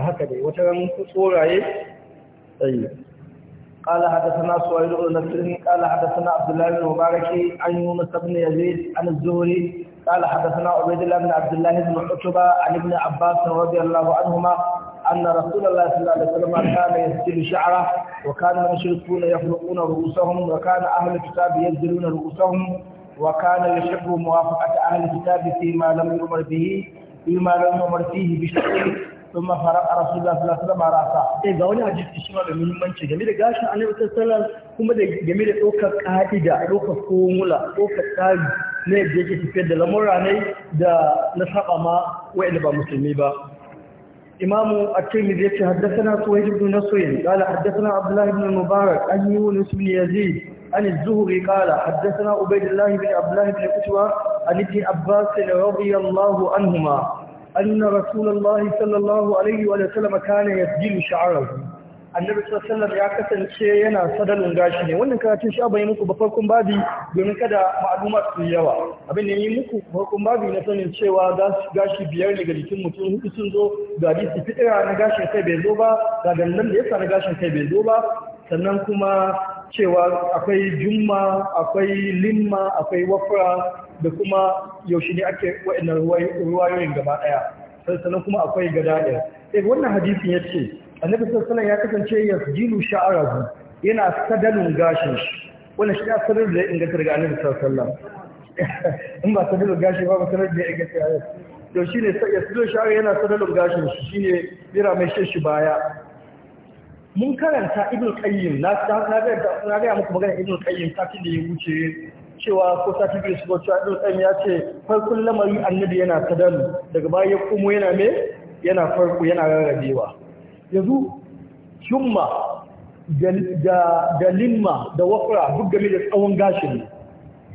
haka قال حدثنا سويد بن نصر قال حدثنا عبد الله بن مبارك عن يونس بن يزيد عن الزهري قال حدثنا عبيد الله بن عبد الله بن عتبة عن ابن عباس رضي الله عنهما أن رسول الله صلى الله عليه وسلم كان يسجل شعره وكان المشركون يخلقون رؤوسهم وكان أهل الكتاب يبذلون رؤوسهم وكان يحب موافقة أهل الكتاب فيما لم يؤمر به فيما لم يؤمر فيه بشيء ثم فرق رسول الله sallallahu alaihi wasallam rasa eh ga wani hadisi shi ma da muhimmanci game da gashin annabi sallallahu kuma game da dokar ka'ida dokar formula dokar tsari ne da yake tafiyar da lamura ne da na saba ma ba musulmi ba إمام الترمذي حدثنا سويد بن نصر قال حدثنا عبد الله بن المبارك عن يونس بن يزيد عن الزهري قال حدثنا عبيد الله بن عبد الله بن قتوى عن ابن عباس رضي الله عنهما أن رسول الله صلى الله عليه وسلم كان يسجل شعره annabi sallallahu ya kasance yana sadalin gashi ne wannan karatun shi abai muku ba farkon babi domin kada ma'aluma su yawa abin da yi muku farkon babi na sanin cewa gashi biyar ne ga jikin mutum hudu sun zo ga hadisi fitira na gashin kai bai zo ba ga dandan da yasa na gashin kai bai zo ba sannan kuma cewa akwai jumma akwai limma akwai wafra da kuma yaushe ne ake wa'annan ruwayoyin gaba daya sannan kuma akwai gadaɗe eh wannan hadisin ya ce annabi sallallahu ya kasance yasjilu sha'arahu yana sadalun gashin shi wannan shi ya sadar da inganta daga annabi sallallahu in ba sadalin gashi ba ba sadar da inganta ya to shine yasjilu sha'ar yana sadalin gashin shi shine bira mai shi baya mun karanta ibnu qayyim na na ga muku magana ibnu qayyim ta da ya wuce cewa ko ta da su shigo cewa ibn qayyim ya ce farkon lamari annabi yana sadalin daga baya kuma yana me yana farko yana rarrabewa yanzu shumma da limma da Wafura duk game da tsawon gashin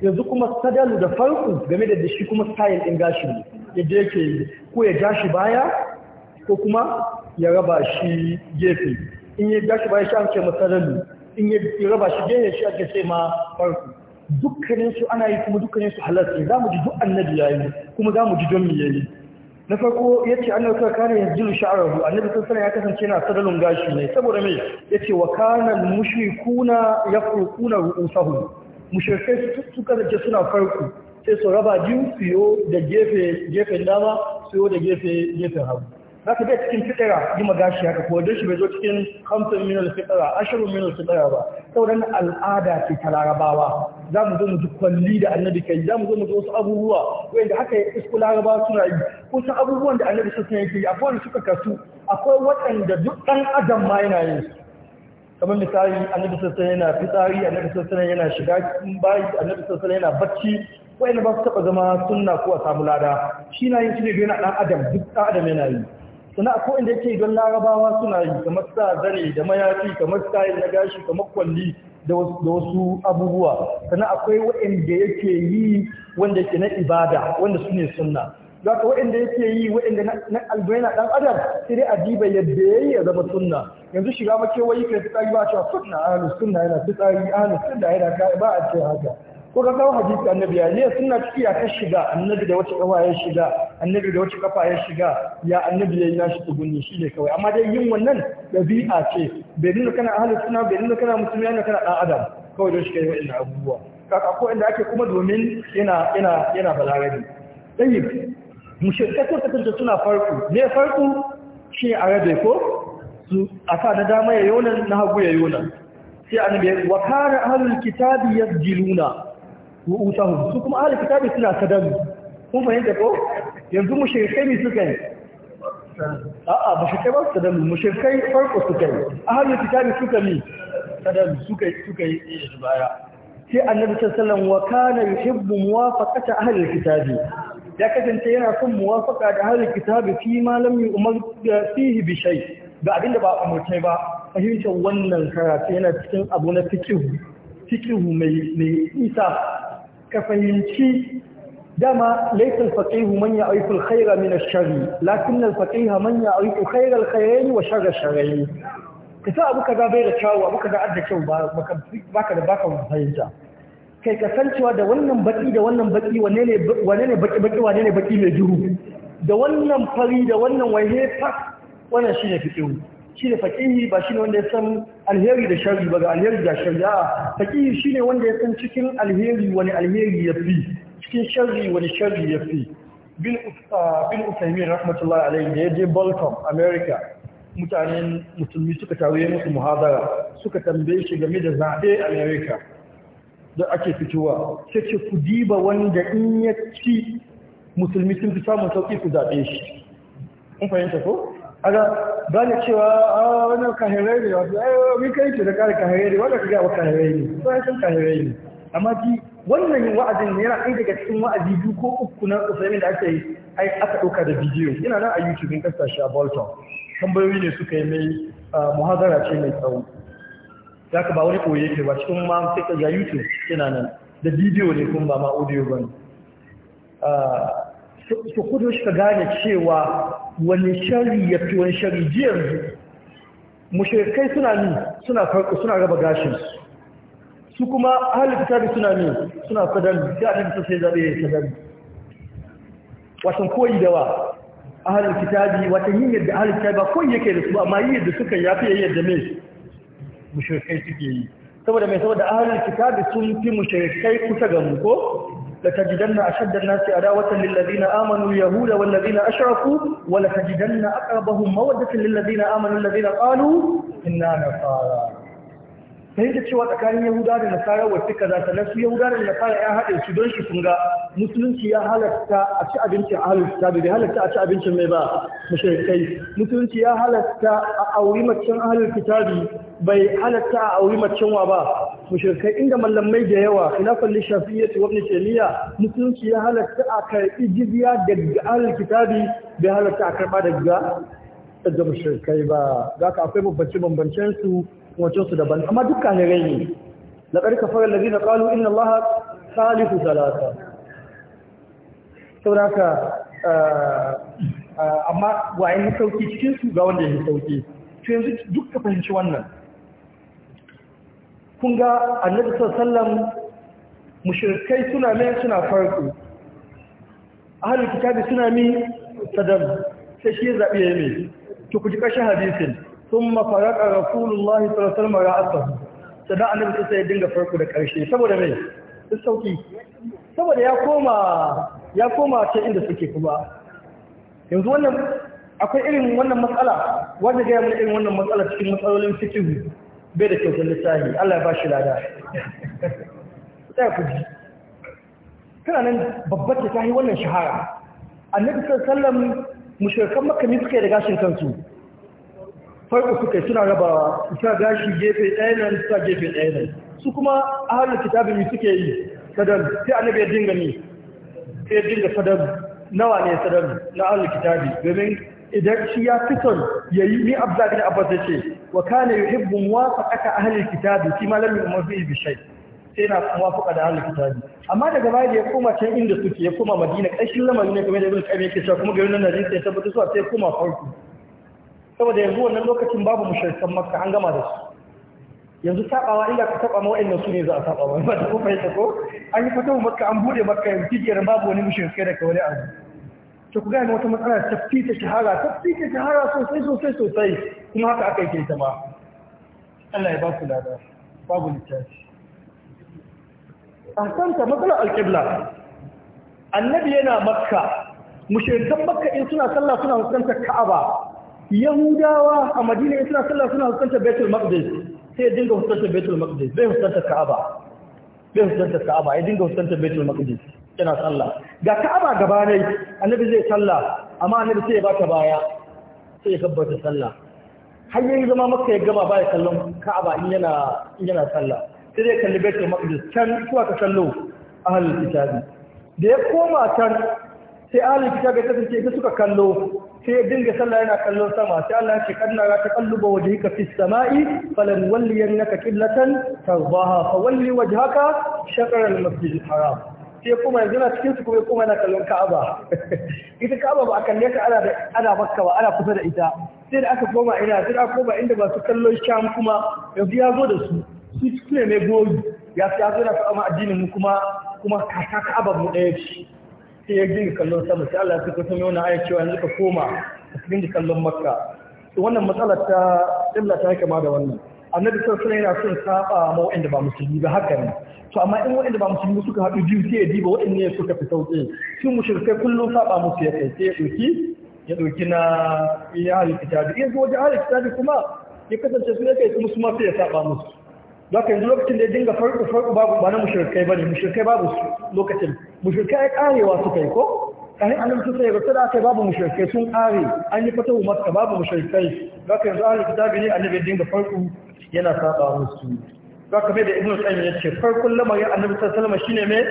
yanzu kuma sadalu da farko game da shi kuma sayan ɗin gashin ne yadda yake ko ya gashi baya ko kuma ya raba shi gefe in ya gashi baya shi an ce masaralu in ya raba shi gefe shi ake ce ma farko dukkaninsu ana yi kuma dukkaninsu halarci za mu ji duk annabi yayi kuma za mu ji don mu yi. na farko ya ce annabi ya kana sha'arar sha'arahu annabi sana ya kasance yana sadalun gashi ne saboda mai ya ce wa kanan mushrikuna yafruquna ru'usahum mushrikai su kasance suna farko sai su raba biyu su da gefe gefen dama su da gefe gefen hagu za ka cikin fitara, yi magashi haka ko don shi bai zo cikin hamsin minal fitara, ashirin minal fitara ba sauran al'ada ce ta larabawa za mu zo mu ji kwalli da annabi kai za mu zo mu ji wasu abubuwa wanda haka ya isku larabawa suna yi kusan abubuwan da annabi sun yake yi akwai suka kasu akwai waɗanda duk ɗan adam ma yana yin su kamar misali annabi sassan yana fitsari annabi sassan yana shiga bayi annabi sassan yana bacci wa'ina ba su taɓa zama sunna ko a samu lada shi na yin shi ne na ɗan adam duk ɗan adam yana yi suna ko inda yake don larabawa suna yi kamar sa zane da mayafi kamar style na gashi kamar kwalli da wasu abubuwa sana akwai waɗanda yake yi wanda yake na ibada wanda su ne suna za ka waɗanda yake yi waɗanda na albaina dan adam sai dai adiba yadda ya yi ya zama suna yanzu shiga yi kai tsari ba a cewa sunna ahalu sunna yana fitsari ahalu sunna yana ba a ce haka ko ka kawo hadisi annabi ya ne suna ciki ta ka shiga annabi da wata kafa ya shiga annabi da wata kafa ya shiga ya annabi ya yi nashi tsugunni shi ne kawai amma dai yin wannan ɗabi'a ce bai nuna kana ahalin suna bai nuna kana musulmi yana kana ɗan adam kawai don shi kai wa'in abubuwa kaka ko inda ake kuma domin yana yana yana balarabi ɗayi mushirka ko kasance suna farko me farko shi a rabe ko su a sa na dama ya yonan na hagu ya yonan sai annabi ya wa kana ahlul kitabi yasjiluna ru'usahum su kuma ahli kitabi suna kadaru kun fahimta ko yanzu mushrikai ne suka yi a'a mushrikai ba su kadaru mushrikai farko suka yi ahli kitabi suka mi kadaru suka suka yi shi baya sai annabi sallallahu alaihi wa kana yuhibbu muwafaqata ahli kitabi ya kasance yana son muwafaqa da halin kitabi fi ma lam yu'mar fihi bi shay ga abinda ba umurtai ba fahimtar wannan karatu yana cikin abu na fikihu fikihu mai mai isa ka fahimci dama laifin faqihu man ya'rifu al-khayra min ash-sharri lakin al-faqiha man ya'rifu khayra al-khayrayn wa sharra ash-sharrayn kisa abu kaza bai da kyawu abu kaza adda kyau ba baka da baka fahimta kai kasancewa da wannan baki da wannan baki wanne ne wanne ne baki baki wanne ne baki mai duhu da wannan fari da wannan waye fa wannan shine fiqhu shi ne faƙihi ba shi ne wanda ya san alheri da shari ba ga alheri da shari'a faƙihi shi ne wanda ya san cikin alheri wani alheri ya fi cikin shari wani shari ya fi bin usaimin ah, rahmatullahi alaihi da ya je balkan america mutanen musulmi suka ya musu muhazara suka tambaye shi game da zaɓe america da ake fitowa sai ce ku diba wanda in ya ci musulmi sun fi samun sauƙi ku zaɓe shi kun fahimta ko aga ba cewa a ah, wani kahirai ne wasu ayyau eh, rikai ce da kare kahirai ne wadda ka gaba kahirai ne ba ya san kahirai ne amma ji wannan wa'azin ne yana ɗaya daga cikin wa'azi biyu ko uku na usaimin da aka yi ai aka ɗauka da bidiyo yana nan a youtube in kasta shi a bolton tambayoyi ne suka yi mai ah, muhazara ce mai tsawo ya ka ba wani koyi yake ba cikin ma sai ka ga youtube yana nan da bidiyo ne kuma ba ma audio ba ne su kudu shi ka gane cewa wani shari ya fi wani shari jiyar mushrikai suna ne suna farko suna raba gashin. su kuma halin kitabi suna ne suna fadar da annabi sai zabe ya fadar wasan koyi da wa ahlul kitabi wata yin yadda ahlul kitabi ba koyi yake da su amma yin yadda suka yafi yadda me mushrikai suke yi saboda mai saboda ahlul kitabi sun fi mushrikai kusa ga mu ko لتجدن أشد الناس عداوة للذين آمنوا اليهود والذين أشركوا ولتجدن أقربهم مودة للذين آمنوا الذين قالوا إنا نصارى fahimta cewa tsakanin yahuda da nasara wata kaza sannan su yahuda da nasara ya haɗe su don shi sun ga musulunci ya halatta a ci abincin ahlul kitabi bai halatta a ci abincin mai ba mushrikai musulunci ya halatta a auri macen ahlul kitabi bai halatta a auri macen wa ba mushrikai inda mallamai da yawa khilafan li shafiyyati wa ibn taymiya musulunci ya halatta a karbi jizya daga ahlul kitabi bai halatta a karba daga daga mushrikai ba zaka akwai bambance bambancen su wato daban amma dukka ne rai ne laqad fara alladhina qalu inna allaha salisu salata saboda haka eh, amma wai ne sauki cikin su ga wanda ya sauki to yanzu duk ka fahimci wannan kun ga annabi sallallahu alaihi wasallam mushrikai suna mai suna farko ahalin kitabi suna mi sadar sai shi zaɓi ya mai to ku ji ƙashin hadisin sun mafaraka rasulullahi sarasar mara'asa sannan annabi sai ya dinga farko da ƙarshe saboda me su sauki saboda ya koma ta inda suke kuma yanzu wannan akwai irin wannan matsala wanda gaya mana irin wannan matsala cikin matsalolin fikihu bai da kyau kyautar lissahi Allah ya ba shi lada tsaya ku ji kana nan babbar ta tahi wannan shahara annabi sallallahu alaihi wasallam mushrikan makka ne da gashin kansu farko suka suna rabawa suka gashi gefe ɗaya nan suka gefe ɗaya nan su kuma a halin kitabin yi suke yi sadar sai annabi ya dinga ni sai ya dinga sadar nawa ne sadar na halin kitabi domin idan shi ya fi son ya yi ni abza na abu ya ce wa kana aka a halin kitabi shi ma lam umar bihi bi shai sai na fuka da halin kitabi amma daga baya da ya koma can inda suke ya koma madina ƙarshen lamarin ne kamar da ibn qayyim yake cewa kuma garin nan da jinsa ya tabbata su sai koma farko saboda yanzu wannan lokacin babu mushrikan makka an gama da su yanzu tabawa inda ka taba inda su ne za a taba ba ba ta kuma fahimta ko an yi fatawa makka an bude makka yanzu kikiyar babu wani mushrikai da wani abu to ku gane wata matsala ta fita shahara ta fita shahara sosai sosai sosai kuma haka aka yi ta ma Allah ya ba ku lada babu littafi a kanta matsalar alƙibla annabi yana makka mushrikan makka in suna sallah suna fuskantar ka'aba yahudawa a madina in suna sallah suna hukunta betul maqdis sai dinga hukunta betul maqdis bai hukunta ka'aba bai hukunta ka'aba ya dinga hukunta betul maqdis yana sallah ga ka'aba gaba ne annabi zai sallah amma annabi sai ya baka baya sai ya kabbata sallah har yayi zama makka ya gama baya kallon ka'aba in yana in yana sallah sai zai kalli betul maqdis can suwa ka kallo ahlul kitabi da ya koma can sai ahlul kitab kaga ta ita suka kallo sai ya dinga sallah yana kallon sama sai Allah ya ce kanna ra ta kalluba wajhika fis sama'i falan walliyannaka qillatan tarbaha fa walli wajhaka shatr al masjid al haram sai kuma yanzu na cikin su kuma kuma yana kallon Ka'aba ita Ka'aba ba a kalle ta ana ana Makka ba ana kusa da ita sai da aka koma ina sai aka koma inda ba su kallon Sham kuma yanzu ya zo da su su ne mai gori ya fi zo na fa'ama addinin mu kuma kuma kaka Ka'aba mu ɗaya ce sai ya jirgin kallon sama sai Allah ya fito ta nuna ayat cewa yanzu ka koma ka dinga kallon makka to wannan matsalar ta illa ta kama da wannan annabi sallallahu alaihi yana son saba ma wanda ba musulmi ba haka ne to amma in wanda ba musulmi suka haɗu biyu sai ya diba waɗanne suka fi sauƙi shi mushrikai kullum saba musu ya kai sai ya ɗauki ya ɗauki na ya halitta kitabi in zo wajen halitta kitabi kuma ya kasance su ya kai kuma su ma sai ya saba musu Doka yanzu lokacin da ya dinga farko farko babu ba na ba ne mushirkai babu su lokacin ya karewa suka yi ko kahin annabi sun sai da aka yi babu mushirkai sun kare an yi fatawu makka babu mushirkai doka yanzu ahli biyu ne annabi ya dinga farko yana saba musu doka bai da ibnu ne ce farkon lamarin annabi sallallahu salama shine mai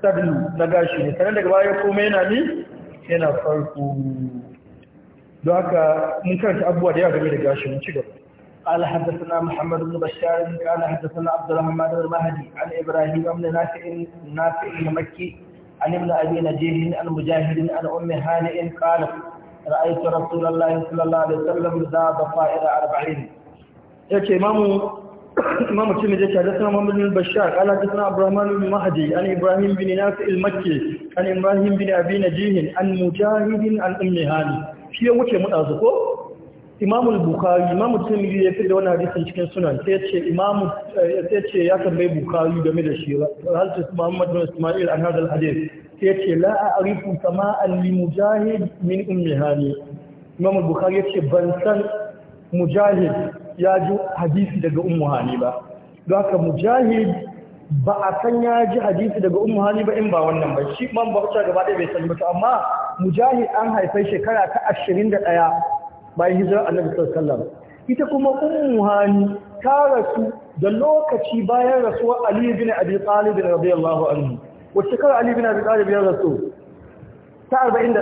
sadlu na gashi ne sanan daga baya komai yana ni yana farko don haka mun karanta abubuwa da yawa game da gashi mun ci gaba قال حدثنا محمد بن بشار قال حدثنا عبد الرحمن بن مهدي عن ابراهيم بن نافع نافع المكي عن ابن ابي نجيه عن مجاهد عن ام هانئ قالت رايت رسول الله صلى الله عليه وسلم ذا ضفائر أربعين يا امام امام الترمذي حدثنا محمد بن بشار قال حدثنا عبد الرحمن بن مهدي عن ابراهيم بن نافع المكي عن ابراهيم بن ابي نجيه عن مجاهد عن ام هانئ shi ya wuce mu ɗazu ko imamul bukari imamu tirmidhi ya fi da wannan hadisi cikin sunan sai ce imamu eh, sai ce ya tambayi bukari game da shi hal muhammad bin isma'il an hadal hadith sai ce la a'rifu sama'an li mujahid min ummi hani imamu bukari ya ce ban san mujahid ya ji hadisi daga ummu hani ba don haka mujahid ba a san ya ji hadisi daga ummu hani ba in ba wannan ba shi man ta gaba ɗaya bai san ba amma mujahid an haife shekara ta 21 bayan hijirar annabi sallallahu alaihi wasallam ita kuma ummu hani ta rasu da lokaci bayan rasuwar ali bin abi talib radiyallahu anhu wacce kar ali bin abi talib ya rasu ta 41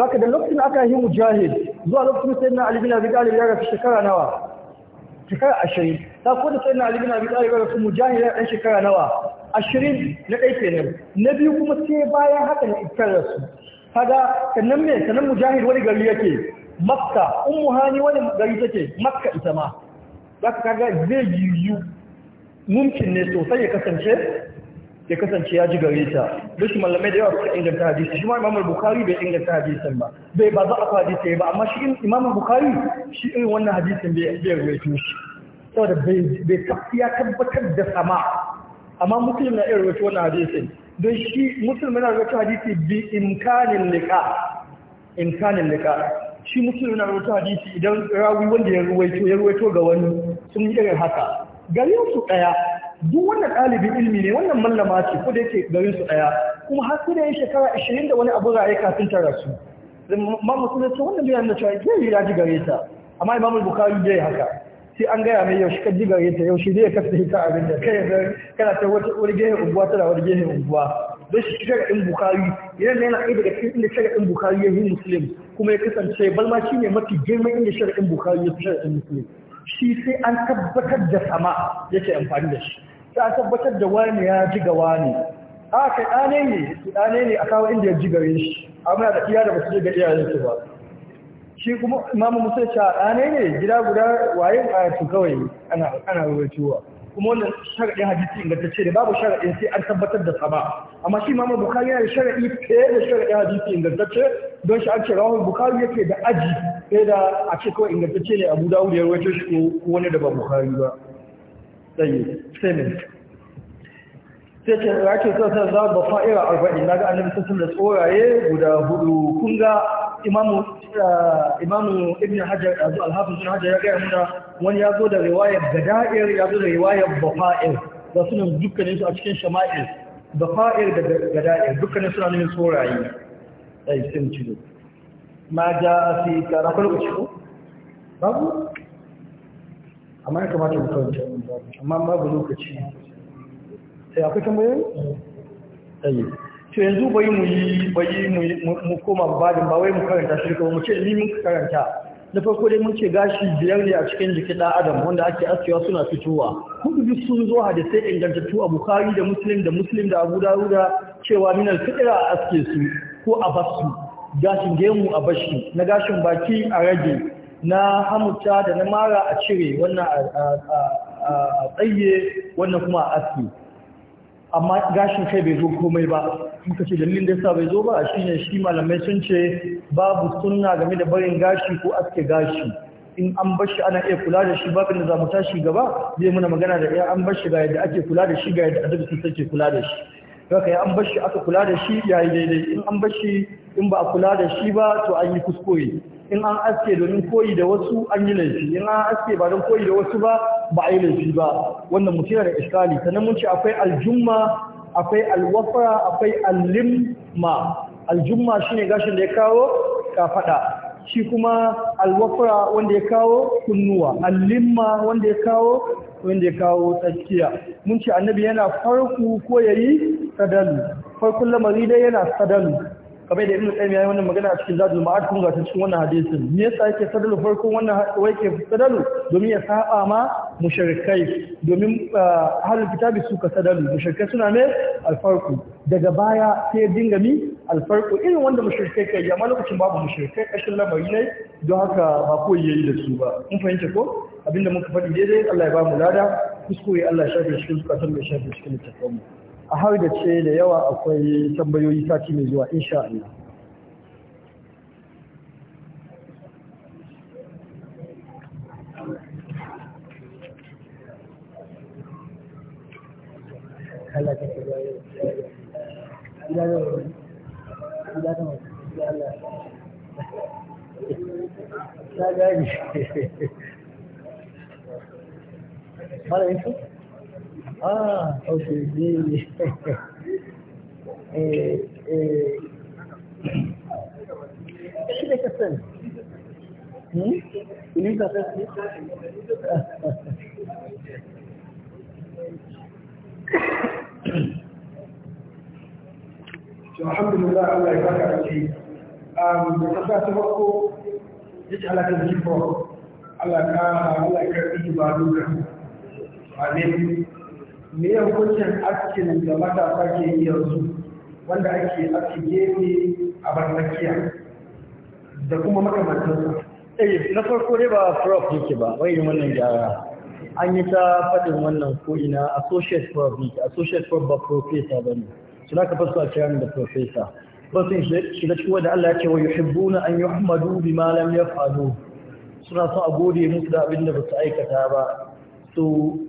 zaka da lokacin aka yi mujahid zuwa lokacin sayyidina ali bin abi talib ya rasu shekara nawa shekara 20 ta ko da sayyidina ali bin abi talib ya rasu mujahid ya dan shekara nawa 20 na dai kenan na biyu kuma sai bayan haka ne ikkar rasu kaga sannan me mujahid wani gari yake makka ummu hani wani gari take makka ita ma za ka kaga zai yiwu mumkin ne sosai ya kasance ya kasance ya ji gare ta duk malamai da yawa suka inganta hadisi shi ma imamul bukhari bai inganta hadisin ba bai ba za a fa hadisi ba amma shi imamul bukhari shi irin wannan hadisin bai bai rawaito shi saboda bai tafi tafiya tabbatar da sama amma musulmi na iya rawaito wannan hadisin don shi musulmi na rawaito hadisi bi imkanin liƙa, imkanin liƙa. shi mutum yana rawaito hadisi idan rawi wanda ya ruwaito ya ruwaito ga wani sun yi irin haka garin su daya duk wannan ɗalibin ilmi ne wannan mallama ce ko da yake garin su daya kuma har sai da ya shekara 20 da wani abu ra'ayi kafin ta rasu ma musulun ce wannan bayan na cewa zai yi yaji gare ta amma imam bukari zai haka sai an gaya mai yau shi kan ji gare ta yau shi zai kasa hita abin da kai kana ta wani gehe unguwa tana wani gehe unguwa don shi ɗin bukari yana yana ɗaya daga cikin inda ɗin bukari ya yi musulun kuma ya kasance balma shi ne mafi girman inda ɗin bukari ya fi ɗin musulun shi sai an tabbatar da sama yake amfani da shi sai an tabbatar da wani ya ji ga wani a kai ɗane ne su ɗane ne a kawo inda ya ji gare shi amma da iya da basu je ga su ba shi kuma imamu musulun cewa ɗane ne gida guda waye a kawai ana ruwa ciwo kuma wannan sharaɗin hadisi ingantacce ne babu sharaɗin sai an tabbatar da sama amma shi mamu bukari yana da sharaɗi fiye da sharaɗin hadisi ingantacce don shi an ce rawar bukari yake da aji fiye da a ce kawai ingantacce ne abu dawud ya rawaito shi ko wani da ba bukari ba sai sai sai ce ya ce sassan za ba fa'ira arba'in na ga annabi sassan da tsoraye guda hudu kun ga imamu eh, ibn hajar a zuwa alhafin sun hajar ya gaya muna wani ya zo da riwayar gada'ir ya zo da riwayar bafa'ir da suna dukkaninsu a cikin ba bafa'ir da gada'ir dukkanin suna nuna tsoraye a yi sun cido ma ja fi kara kwallo ciko babu amma ya kamata mu kawance amma babu lokaci Eh, akwai to yanzu bai mu yi bai mu koma babadin ba wai mu karanta shi kuma mu ce ni mun karanta na farko dai mun ce gashi biyar ne a cikin jikin ɗan adam wanda ake askewa suna fitowa hudu duk sun zo hadisai ingantattu a bukari da muslim da muslim da abu cewa min fitira a aske su ko a basu gashin gemu a bashi na gashin baki a rage na hamuta da na mara a cire wannan a tsaye wannan kuma a aske amma gashin kai bai zo komai ba muka ce dalilin da yasa bai zo ba shine shi malamai sun ce babu sunna game da barin gashi ko aske gashi in an bar shi ana iya kula da shi babin da za mu tashi gaba zai muna magana da an bar shi ga yadda ake kula da shi ga yadda adabi sun sace kula da shi haka ya an bar shi aka kula da shi yayi daidai in an bar shi in ba a kula da shi ba to an yi kuskure in an aske domin koyi da wasu an yi laifi in an aske ba don koyi da wasu ba ba a yi laifi ba wannan mutum da iskali sannan mun ce akwai aljumma akwai alwafara akwai alimma aljumma shine gashin da ya kawo kafada shi kuma alwafara wanda ya kawo kunnuwa alimma wanda ya kawo wanda ya kawo tsakiya mun ce annabi yana farko ko yayi sadalu farkon lamari dai yana sadalu kamar da ibnu qayyim yayin wannan magana a cikin zadul ma'ad kun ga cikin wannan hadisin me yasa yake sadalu farkon wannan wai ke sadalu domin ya saba ma mushrikai domin ahlul kitabi suka sadalu mushrikai suna ne alfarku daga baya sai ya dinga mi irin wanda mushrikai kai amma lokacin babu mushrikai kashin lamari ne don haka ba ko yayi da su ba mun fahimta ko abinda muka faɗi daidai Allah ya ba mu lada kuskure Allah ya shafe shi cikin zukatan mai shafe cikin littafin mu a har da ce da yawa akwai tambayoyi sati mai zuwa insha Allah Thank you. Ah, okay, really. eh, eh. da kasan. Hmm? Ili da kasan. Alhamdulillah Allah ya baka alheri. Um, da kasa ta farko ya ci halakar jifo Allah ka Allah ya me ya hukuncin askin da matasa ke yanzu wanda ake ake gefe a barnakiya da kuma makamantarsa eh na farko dai ba prof yake ba wai wannan gyara an yi ta faɗin wannan ko'ina associate prof yake associate prof ba professor ba ne su na ka fasu a kiran da professor wasu shiga cikin wanda Allah ya ce wa yuhibbuna an bi malam lam yaf'alu suna son a gode musu da abin da ba su aikata ba so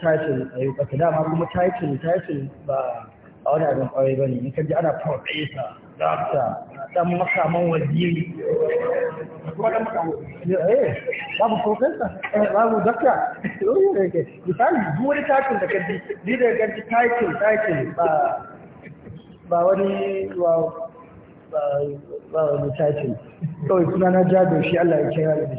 title a yi ƙasa dama kuma title title ba a wani abin ƙwarai ba ne in ka ji ana professor doctor dan makaman waziri Ba eh, babu profesa eh babu doctor yoyo da yake misali wani title da kaji ji ni da gaji. ji title title ba ba wani ba ba wani title kawai suna na jado shi Allah ya kira da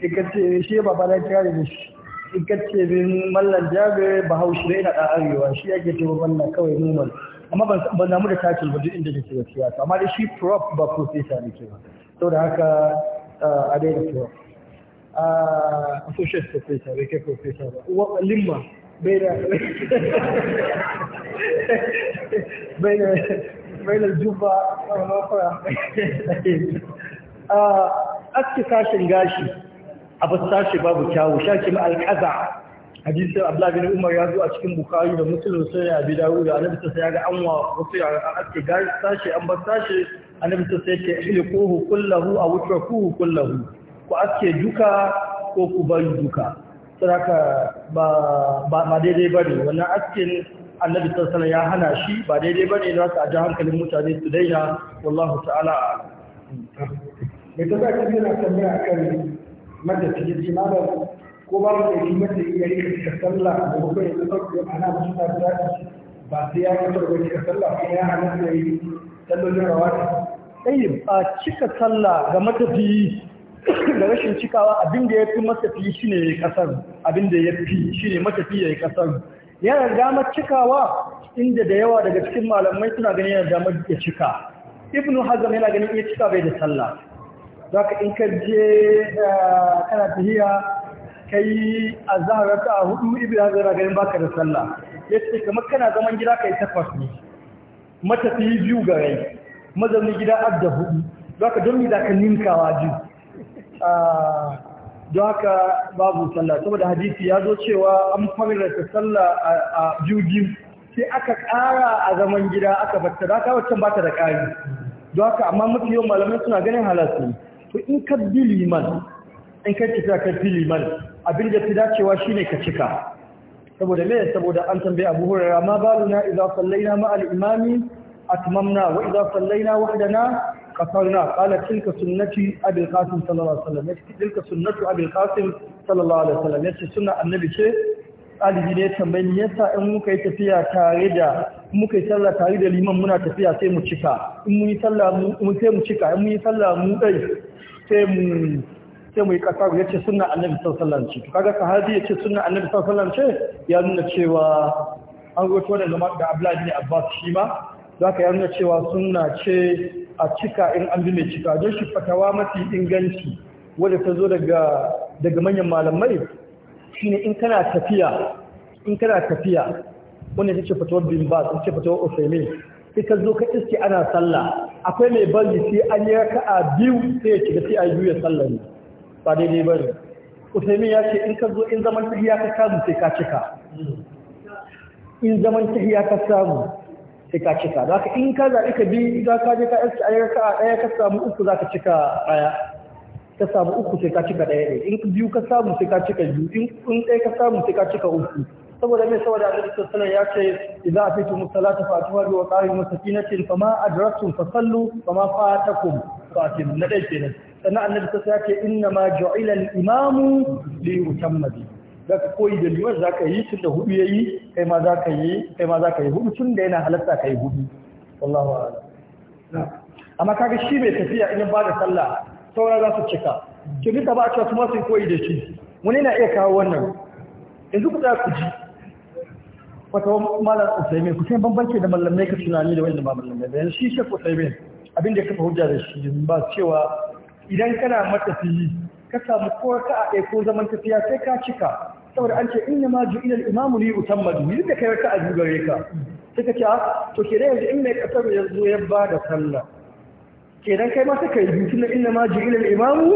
shi ka ce shi babana na kira da shi in bin mallan jabe bahaushe bai na da arewa shi yake ce mallan kawai normal amma ban namu da title ba duk inda ke cewa siyasa amma dai shi prop ba profesa ne ke ba da haka eh, a da prop a eh, associate professor bai ke professor ba limma bai da bai da bai da juba a eh, aski sashen gashi abu sashi babu kyawu shaki ma alƙaza hadisin abdullahi bin umar ya zo a cikin bukari da muslim sai ya bi dawo da annabi sai ya ga anwa wa wasu ya aske gari sashi an bar sashi annabi sai ya ce ilquhu kullahu aw utrukuhu kullahu ku aske duka ko ku bari duka saraka ba ba daidai bane wannan askin annabi sallallahu ya hana shi ba daidai bane na ka ji hankalin mutane su daina wallahu ta'ala mai tabbata yana tambaya akan madda ta ma da ko ba mu da yi mata iya yi ka sallah da kuma ya zama ko ana musu ta da ba sai ya kasar ba ka sallah ko ya hana da yi sallolin rawati ɗayin a cika sallah ga matafiyi da rashin cikawa abin da ya fi matafiyi ne ya kasar abin da ya fi shi ne matafiyi ya yi kasar yana damar cikawa inda da yawa daga cikin malamai suna ganin yana damar ya cika ibnu hazm yana ganin iya cika bai da sallah za ka in karje eh, kana tahiya ka yi a zahar ka a hudu ibn hazar na ganin baka da sallah ya ce kamar kana zaman gida ka yi takwas ne matafi biyu ga rai mazaunin gida ab da hudu za ka don mi za ka ninkawa biyu ah, don haka babu sallah saboda hadisi ya zo cewa an farirata sallah a biyu sai aka kara a zaman gida aka batta da ka wacce ba ta da ƙari don haka amma mafi yawan malamai suna ganin halas to in ka bi liman in ka cika ka bi liman abin da fi dacewa shine ka cika saboda me saboda an tambaye Abu Hurairah ma baluna idza sallaina ma al-imami atmamna wa idza sallaina wahdana قصرنا قال تلك سنة أبي القاسم صلى الله عليه وسلم تلك سنة أبي القاسم صلى الله عليه وسلم يتي suna annabi ce alibi ne tambayin yasa in muka yi tafiya tare da muka yi sallah tare da liman muna tafiya sai mu cika in mun yi sallah mu sai mu cika in mun yi sallah mu dai sai mu yi ƙasa, ya ce suna annabi sallallahu ce to kaga sahabi ya ce suna annabi sallallahu ce ya nuna cewa an roto da zama da Abdullahi a Abbas shi ma ka ya nuna cewa suna ce a cika in an bi mai cika don shi fatawa mafi inganci wadda ta zo daga manyan malamai shine in kana tafiya in kana tafiya wannan ita ce fatawar bin ba ita ce fatawar Usaimin sai ka zo ka iske ana sallah akwai mai bari sai an yi raka'a biyu sai ya shiga sai a yi ya sallari ba daidai ba ne usaimi ya ce in ka zo in zaman tahiya ka samu sai ka cika in zaman tahiya ka samu sai ka cika za ka in ka zaɓi ka bi za ka je ka yanci a yi raka'a ɗaya ka samu uku za ka cika ɗaya ka samu uku sai ka cika ɗaya ɗaya in biyu ka samu sai ka cika biyu in ɗaya ka samu sai ka cika uku saboda mai saboda annabi sallallahu ya ce idza afitu musallata fa atuwa bi waqari musakinatin fama adraktum fasallu fama fatakum fatim na dai kenan sannan annabi sallallahu ya ce inna ma ju'ila al-imamu li yutamma bi zaka koyi da liman zaka yi tun da hudu yayi kai ma zaka yi kai ma zaka yi hudu tun da yana halatta kai hudu wallahu a'lam amma kaga shi bai tafiya in ba da sallah saura za su cika ki duka ba a cewa su ma su koyi da shi wani na iya kawo wannan yanzu ku za ku ji wata malar usaimin ku sai bambanci da mallamai ka tunani da wanda ba mallamai bayan shi shek usaimin abin da ya kafa hujja da shi ba cewa idan kana matafiyi ka samu ko ka a ɗaya ko zaman tafiya sai ka cika saboda an ce inna ma ju'ila al-imamu li utamma bihi da kai ka aji gare ka sai ka ce ah, to ke yanzu in mai kasar ya zo ya ba da sallah kenan kai ma sai ka yi biyu in inna ma ju'ila al-imamu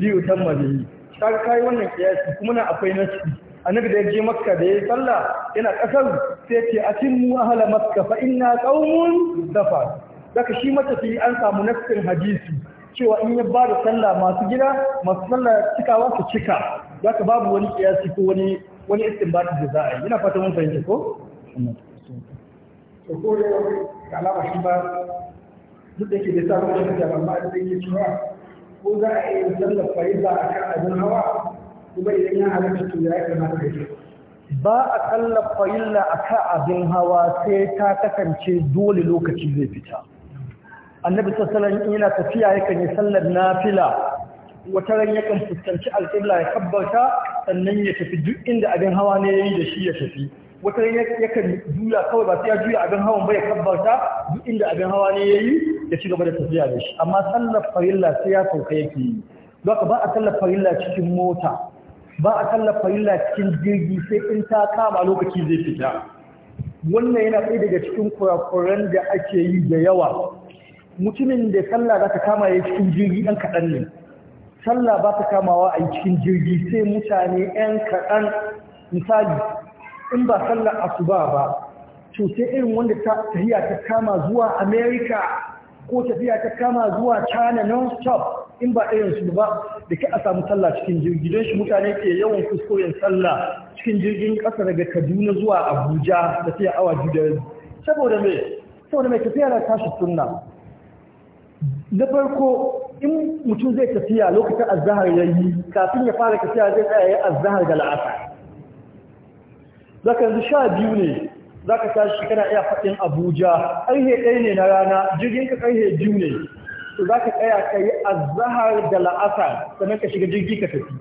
li utamma bihi kaga kai wannan kiyasi kuma na akwai nasi annabi da ya je makka da ya yi sallah yana kasar sai ce atimmu ahla makka fa inna qaumun dafa daga shi matafi an samu nassin hadisi cewa in ya ba da sallah masu gida masu sallah cikawa su cika ka babu wani kiyasi ko wani wani istinbati da za a yi ina fata mun fahimta ko to ko da alama shi ba duk da ke da sabon da amma da yake cewa ko za a yi sallar a akan abin hawa kuma idan ya halatta to ya kamata ba a kallafa illa a ka abin hawa sai ta kasance dole lokaci zai fita annabi sassalan yana tafiya ya kan yi sallar na fila. wata ran yakan fuskanci alƙibla ya kabbarta sannan ya tafi duk inda abin hawa ne ya yi da shi ya tafi wata ran yakan juya kawai ba sai ya juya abin hawan ba ya kabbarta duk inda abin hawa ne ya yi ya ci gaba da tafiya da shi amma sallar farilla sai ya sauka yake yi ba a sallar farilla cikin mota ba a tallafa farilla cikin jirgi sai in ta kama lokaci zai fita wannan yana ɗaya daga cikin kurakuran da ake yi da yawa mutumin da sallah za ta kama ya cikin jirgi ɗan kaɗan ne sallah ba ta kamawa a cikin jirgi sai mutane ɗan kaɗan misali in ba sallar asuba ba to sai irin wanda ta tahiya ta kama zuwa Amerika. ko tafiya ta kama zuwa China non-stop in ba ɗayan su ba da ka a samu sallah cikin jirgi shi mutane ke yawan kuskuren sallah cikin jirgin ƙasa daga Kaduna zuwa Abuja tafiya awa biyu da saboda mai, saboda mai tafiya na tashi sunna na farko in mutum zai tafiya lokacin azahar yayi kafin ya fara tafiya zai tsaya ya azahar da la'asa zaka yanzu sha biyu ne za ka tashi kana iya faɗin abuja ƙarfe ɗaya ne na rana jirgin ka ƙarfe biyu ne to za ka tsaya ka yi azahar da la'asar sannan ka shiga jirgi ka tafi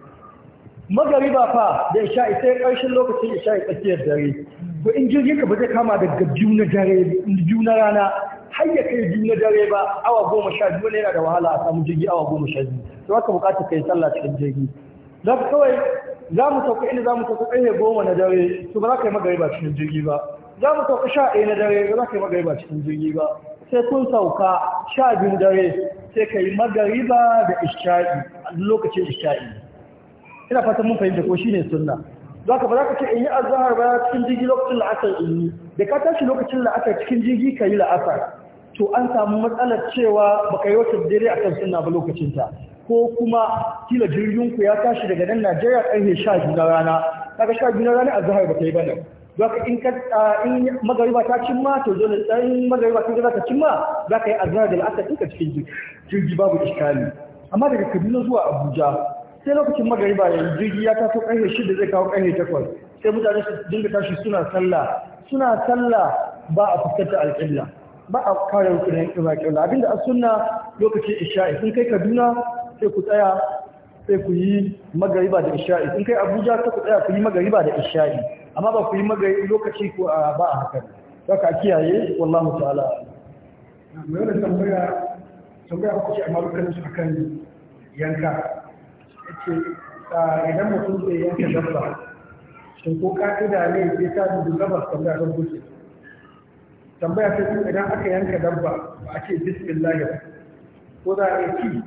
magariba fa da isha'i sai ƙarshen lokacin isha'i tsakiyar dare Ko in jirgin ka ba zai kama daga biyu na dare biyu na rana har ya kai biyu na dare ba awa goma sha biyu ne yana da wahala a samu jirgi awa goma sha biyu to haka bukatar ka yi sallah cikin jirgi za ka kawai za mu sauka inda za mu sauka ƙarfe goma na dare to ba za ka yi magariba cikin jirgi ba za mu sauka sha ɗaya na dare ba za ka yi magariba cikin jirgi ba sai kun sauka sha biyu dare sai ka yi magariba da isha'i a lokacin isha'i ina fatan mun fahimta ko shi ne sunna za ka ba za ka ce in yi azahar ba cikin jirgi lokacin la'asar in yi da ka tashi lokacin la'asar cikin jirgi ka yi la'asar to an samu matsalar cewa ba ka yi wata dare a kan sunna ba lokacin ta. ko kuma kila ku ya tashi daga nan najeriya ƙarfe sha biyu na rana kaga sha biyu na rana azahar ba ta yi ba nan zaka in ka in magariba ta cimma to dole in magariba ta za cimma zaka yi azhar da al'asar ka cikin jirgi babu iskali amma daga Kaduna zuwa Abuja sai lokacin magariba yanzu jirgi ya taso ƙarfe shida zai kawo ƙarfe takwas sai mutane su dinga tashi suna sallah suna sallah ba a fuskantar alƙibla ba a kare rukunin alƙibla abinda a sunna lokacin isha'i sun kai Kaduna sai ku tsaya sai ku yi magariba da isha'i in kai abuja ta ku tsaya ku yi magariba da isha'i amma ba ku yi magari lokaci ko a ba a haka za ka kiyaye wallahu ta'ala mai tambaya tambaya ku ce amma lokacin su akan yanka yace idan mutum zai yanka dabba shin ko ka kida ne sai ta dubu dabba tambaya don gushe tambaya ta idan aka yanka dabba ba a ce bismillah ko za a yi ci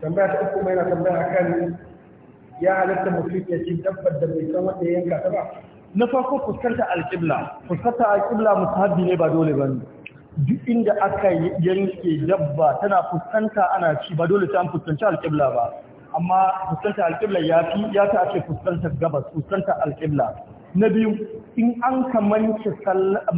tambaya ta uku mai na tambaya akan ya halatta mutum ya ci dabbar da bai san wanda ya yanka ta ba na farko fuskanta alƙibla fuskanta alƙibla musahabi ne ba dole bane duk inda aka yanke dabba tana fuskanta ana ci ba dole ta fuskanci alƙibla ba amma fuskanta alƙibla ya fi ya ta ake fuskantar gabas fuskanta alƙibla na biyu in an kamance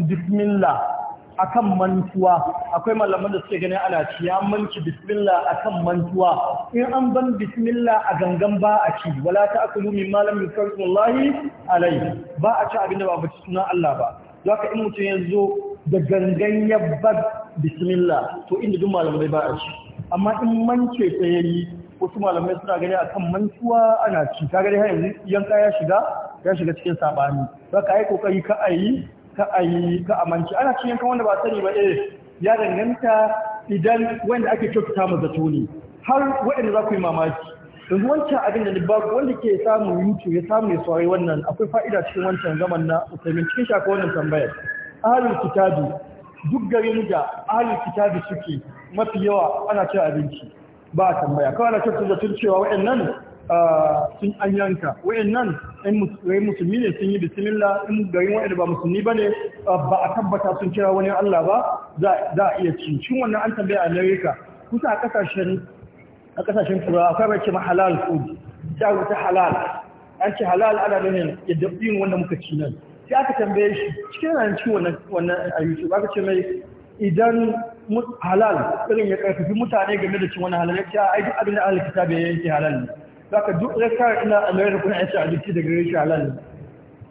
bismillah akan mantuwa akwai malaman da suke gani ana ci ya manci bismillah akan mantuwa in an ban bismillah a gangan ba a ci wala ta akulu min malam yusarrullahi alai ba a ci abinda ba a sunan Allah ba zaka in mutum ya zo da gangan ya bar bismillah to inda duk malamai ba a ci amma in mance ta yayi wasu malamai suna gani akan mantuwa ana ci ka dai har yanzu yanka ya shiga ya shiga cikin sabani zaka ai kokari ka yi. ka a yi ka amince ana cikin yankan wanda ba sani ba eh ya danganta idan wanda ake kyautata ma zato ne har waɗanda za ku yi mamaki yanzu wancan abin da ba wanda ke samun yutu ya samu ya saurari wannan akwai fa'ida cikin wancan zaman na usaimin cikin shaka wannan tambayar ahalin kitabi duk garin da ahalin kitabi suke mafi yawa ana cin abinci ba a tambaya kawai ana kyautata zaton cewa waɗannan sun an yanka nan in musulmi ne sun yi bismillah in garin wayanda ba musulmi bane ba a tabbata sun kira wani Allah ba za a iya cin shi wannan an tambaya amerika kusa a kasashen a kasashen turawa akwai bai ce halal food ta wuta halal an ce halal ana ne yadda yin wanda muka ci nan sai aka tambaye shi cikin ranar ci wannan a YouTube aka ce mai idan halal irin ya karfafi mutane game da cin wani halal ya ce ai duk abin da Allah kitabe ya yanke halal ne zaka ka duk raka ina america kuna a abinci daga gare shi halal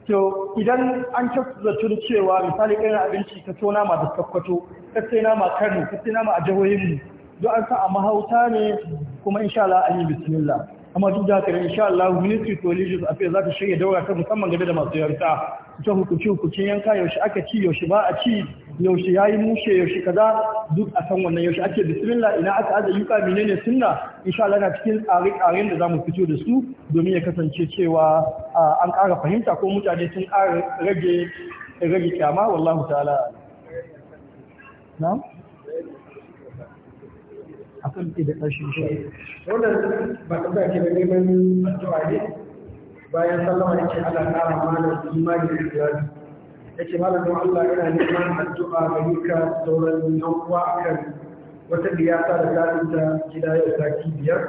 to idan an tun cewa misali kayan abinci ka so nama da sakkwato ka sai nama kano ka sai nama a jihohin duk an sa a mahauta ne kuma insha Allah an yi bismillah amma duk da haka insha Allah ministry to religious affairs za ta shirya daura ta musamman game da masu yarta ta hukunci hukuncin yanka yaushe aka ci yaushe ba a ci yaushe ya yi mushe yaushe kada duk a san wannan yaushe ake bismillah ina aka aza yuka menene sunna insha Allah na cikin tsare-tsaren da zamu fito da su domin ya kasance cewa an ƙara fahimta ko mutane sun ƙara rage rage kyama wallahu ta'ala na'am akan ke da ƙarshe shi wannan ba ta da ke da neman addu'a ne bayan sallama ne yake Allah ƙara mana imani da yake malam Allah ina neman addu'a ga duka sauran yankuwa a akan wata liyata da zaɓin ta gida yau sati biyar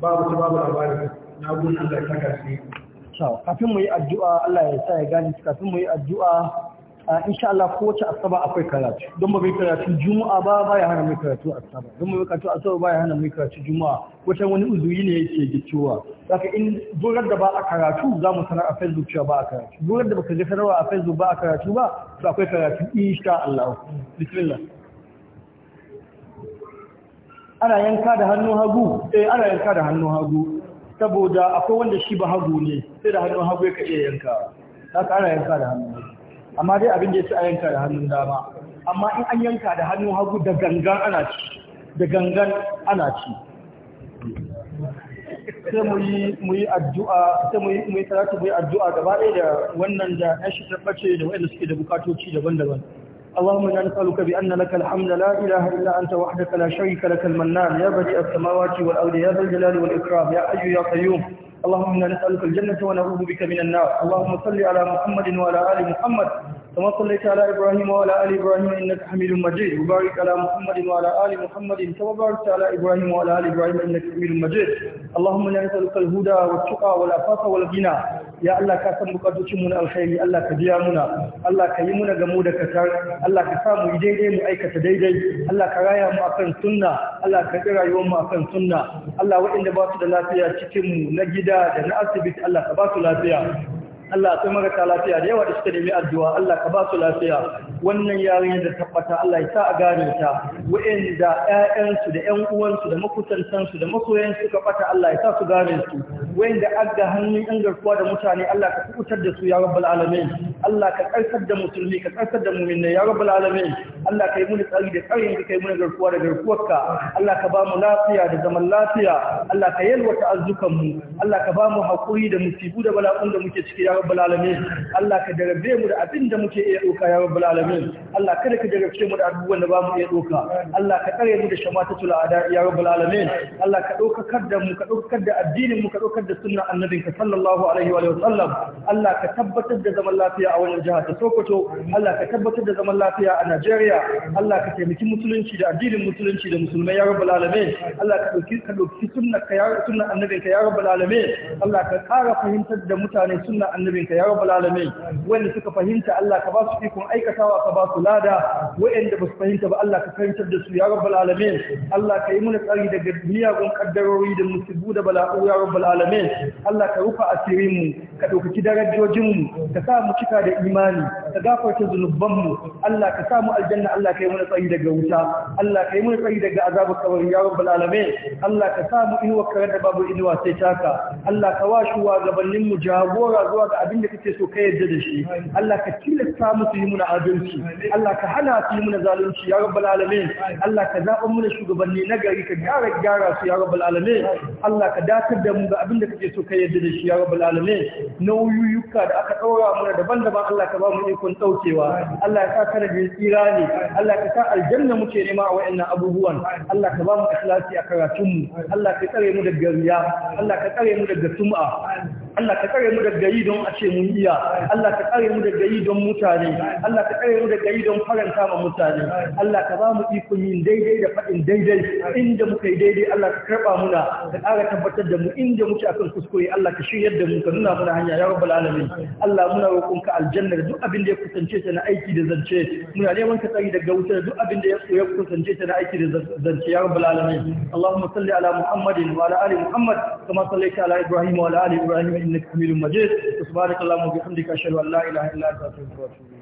babu ta babu labari na gudun Allah ya saka shi kafin mu yi addu'a Allah ya sa ya gani kafin mu yi addu'a insha Allah kowace asaba akwai karatu don ba mai karatu juma'a ba ba ya hana mai karatu asaba don mai karatu asaba ba ya hana mai karatu juma'a wata wani uzuri ne yake gicewa saka in gurar da ba a karatu za mu sanar a facebook cewa ba a karatu gurar da baka je sanarwa a facebook ba a karatu ba to akwai karatu insha Allah bismillah ana yanka da hannu hagu eh ana yanka da hannu hagu saboda akwai wanda shi ba hagu ne sai da hannu hagu ya iya yanka haka ana yanka da hannu hagu amma dai abin da ya ci a yanka da hannun dama amma in an yanka da hannun hagu da gangan ana ci da gangan ana ci sai mu yi addu'a sai mu yi mu yi salatu mu yi addu'a gaba ɗaya da wannan da ya shi tabbace da wanda suke da bukatoci daban-daban اللهم انا نسالك بان لك الحمد لا اله الا انت وحدك لا شريك لك المنان يا بديع السماوات والارض يا ذا الجلال والاكرام يا حي يا قيوم اللهم إنا نسألك الجنة ونعوذ بك من النار اللهم صل على محمد وعلى آل محمد كما صليت على إبراهيم وعلى آل إبراهيم إنك حميد مجيد وبارك على محمد وعلى آل محمد كما باركت على إبراهيم وعلى آل إبراهيم إنك حميد مجيد اللهم إنا نسألك الهدى والتقى والعفاف والغنى يا الله كاسم بقدوشمون الخير الله كديامنا الله كيمنا جمودة كتر الله كسام يديدي مؤيكة تديدي الله كرايا مأكن سنة الله كدرا يوم مأكن سنة الله وإن باسد الله فيها تتم نجدا دنا أسبت الله كباسد الله فيها Allah akwai marasa lafiya da yawa da suka nemi addu'a Allah ka ba su lafiya wannan yarinya da tabbata Allah ya sa a gane ta wa'anda ƴaƴansu da ƴan uwansu da makusantansu da masoyan ka bata Allah ya sa su gane su wa'anda aga hannun an garkuwa da mutane Allah ka kubutar da su ya rabbal alamin Allah ka karkar da musulmi ka karkar da mu'minai ya rabbal alamin Allah ka yi muni tsari da tsarin ka yi muni garkuwa da garkuwarka Allah ka ba mu lafiya da zaman lafiya Allah ka yalwata arzukan mu Allah ka ba mu hakuri da musibu da bala'un da muke ciki ya rabbal alamin Allah ka darabe mu da abin da muke iya doka ya rabbal alamin Allah kada ka darabe mu da abubuwan da ba mu iya doka Allah ka tsare mu da shamatatul ada ya rabbal alamin Allah ka dokar da mu ka dokar da addinin mu ka dokar da sunnar annabinka sallallahu alaihi wa sallam Allah ka tabbatar da zaman lafiya a wannan jiha ta Sokoto Allah ka tabbatar da zaman lafiya a Najeriya Allah ka taimaki musulunci da addinin musulunci da musulmai ya rabbal alamin Allah ka dauki ka dauki sunnar ka ya sunnar annabinka ya rabbal alamin Allah ka kara fahimtar da mutane sunnar annabinka ya rabbal alamin wanda suka fahimta Allah ka ba su ikon aikatawa ka ba su lada wanda ba su fahimta ba Allah ka karantar da su ya rabbal Allah ka yi muna tsari daga miyagun kaddarori da musibu da bala'u ya rabbal alamin Allah ka rufa asirin mu ka ɗaukaki darajojin mu ka sa mu cika da imani ka gafarta zunuban mu Allah ka sa mu aljanna Allah ka yi muna tsari daga wuta Allah ka yi muna tsari daga azabar kabari ya rabbal Allah ka sa mu inuwa karar da babu inuwa sai taka Allah ka washi wa gabanin mu jagora zuwa ga abin da kake so ka yarda da shi Allah ka tilasta musu yi muna adalci Allah ka hana su yi muna zalunci ya rabbal alamin Allah ka zaɓa muna shugabanni na gari ka gyara gyara su ya rabbal alamin Allah ka dakatar da mu ga abin da kake so ka yarda da shi ya rabbal alamin nauyuyuka da aka daura muna daban-daban Allah ka ba mu ikon ɗaukewa Allah ya sa kana da tsira ne Allah ka sa aljanna muke nema a wayannan abubuwan Allah ka ba mu ikhlasi a karatunmu Allah ka tsare mu daga riya Allah ka tsare mu daga sum'a Allah ka kare mu daga yi don a ce mun iya Allah ka kare mu daga yi don mutane Allah ka kare mu daga yi don faranta ma mutane Allah ka ba mu ikon yin daidai da faɗin daidai inda muka yi daidai Allah ka karɓa muna ka ƙara tabbatar da mu inda muke akan kuskure Allah ka shiryar da mu ka nuna mana hanya ya rabbal alamin Allah muna roƙon ka aljanna da duk abin da ya kusance ta na aiki da zance muna neman ka tsari daga wuta da duk abin da ya kusance ta na aiki da zance ya rabbal alamin Allahumma salli ala Muhammadin wa ala ali Muhammad kama sallaita ala Ibrahim wa ala ali Ibrahim إنك حميد مجيد سبحانك اللهم وبحمدك أشهد أن لا إله إلا أنت أستغفرك وأتوب إليك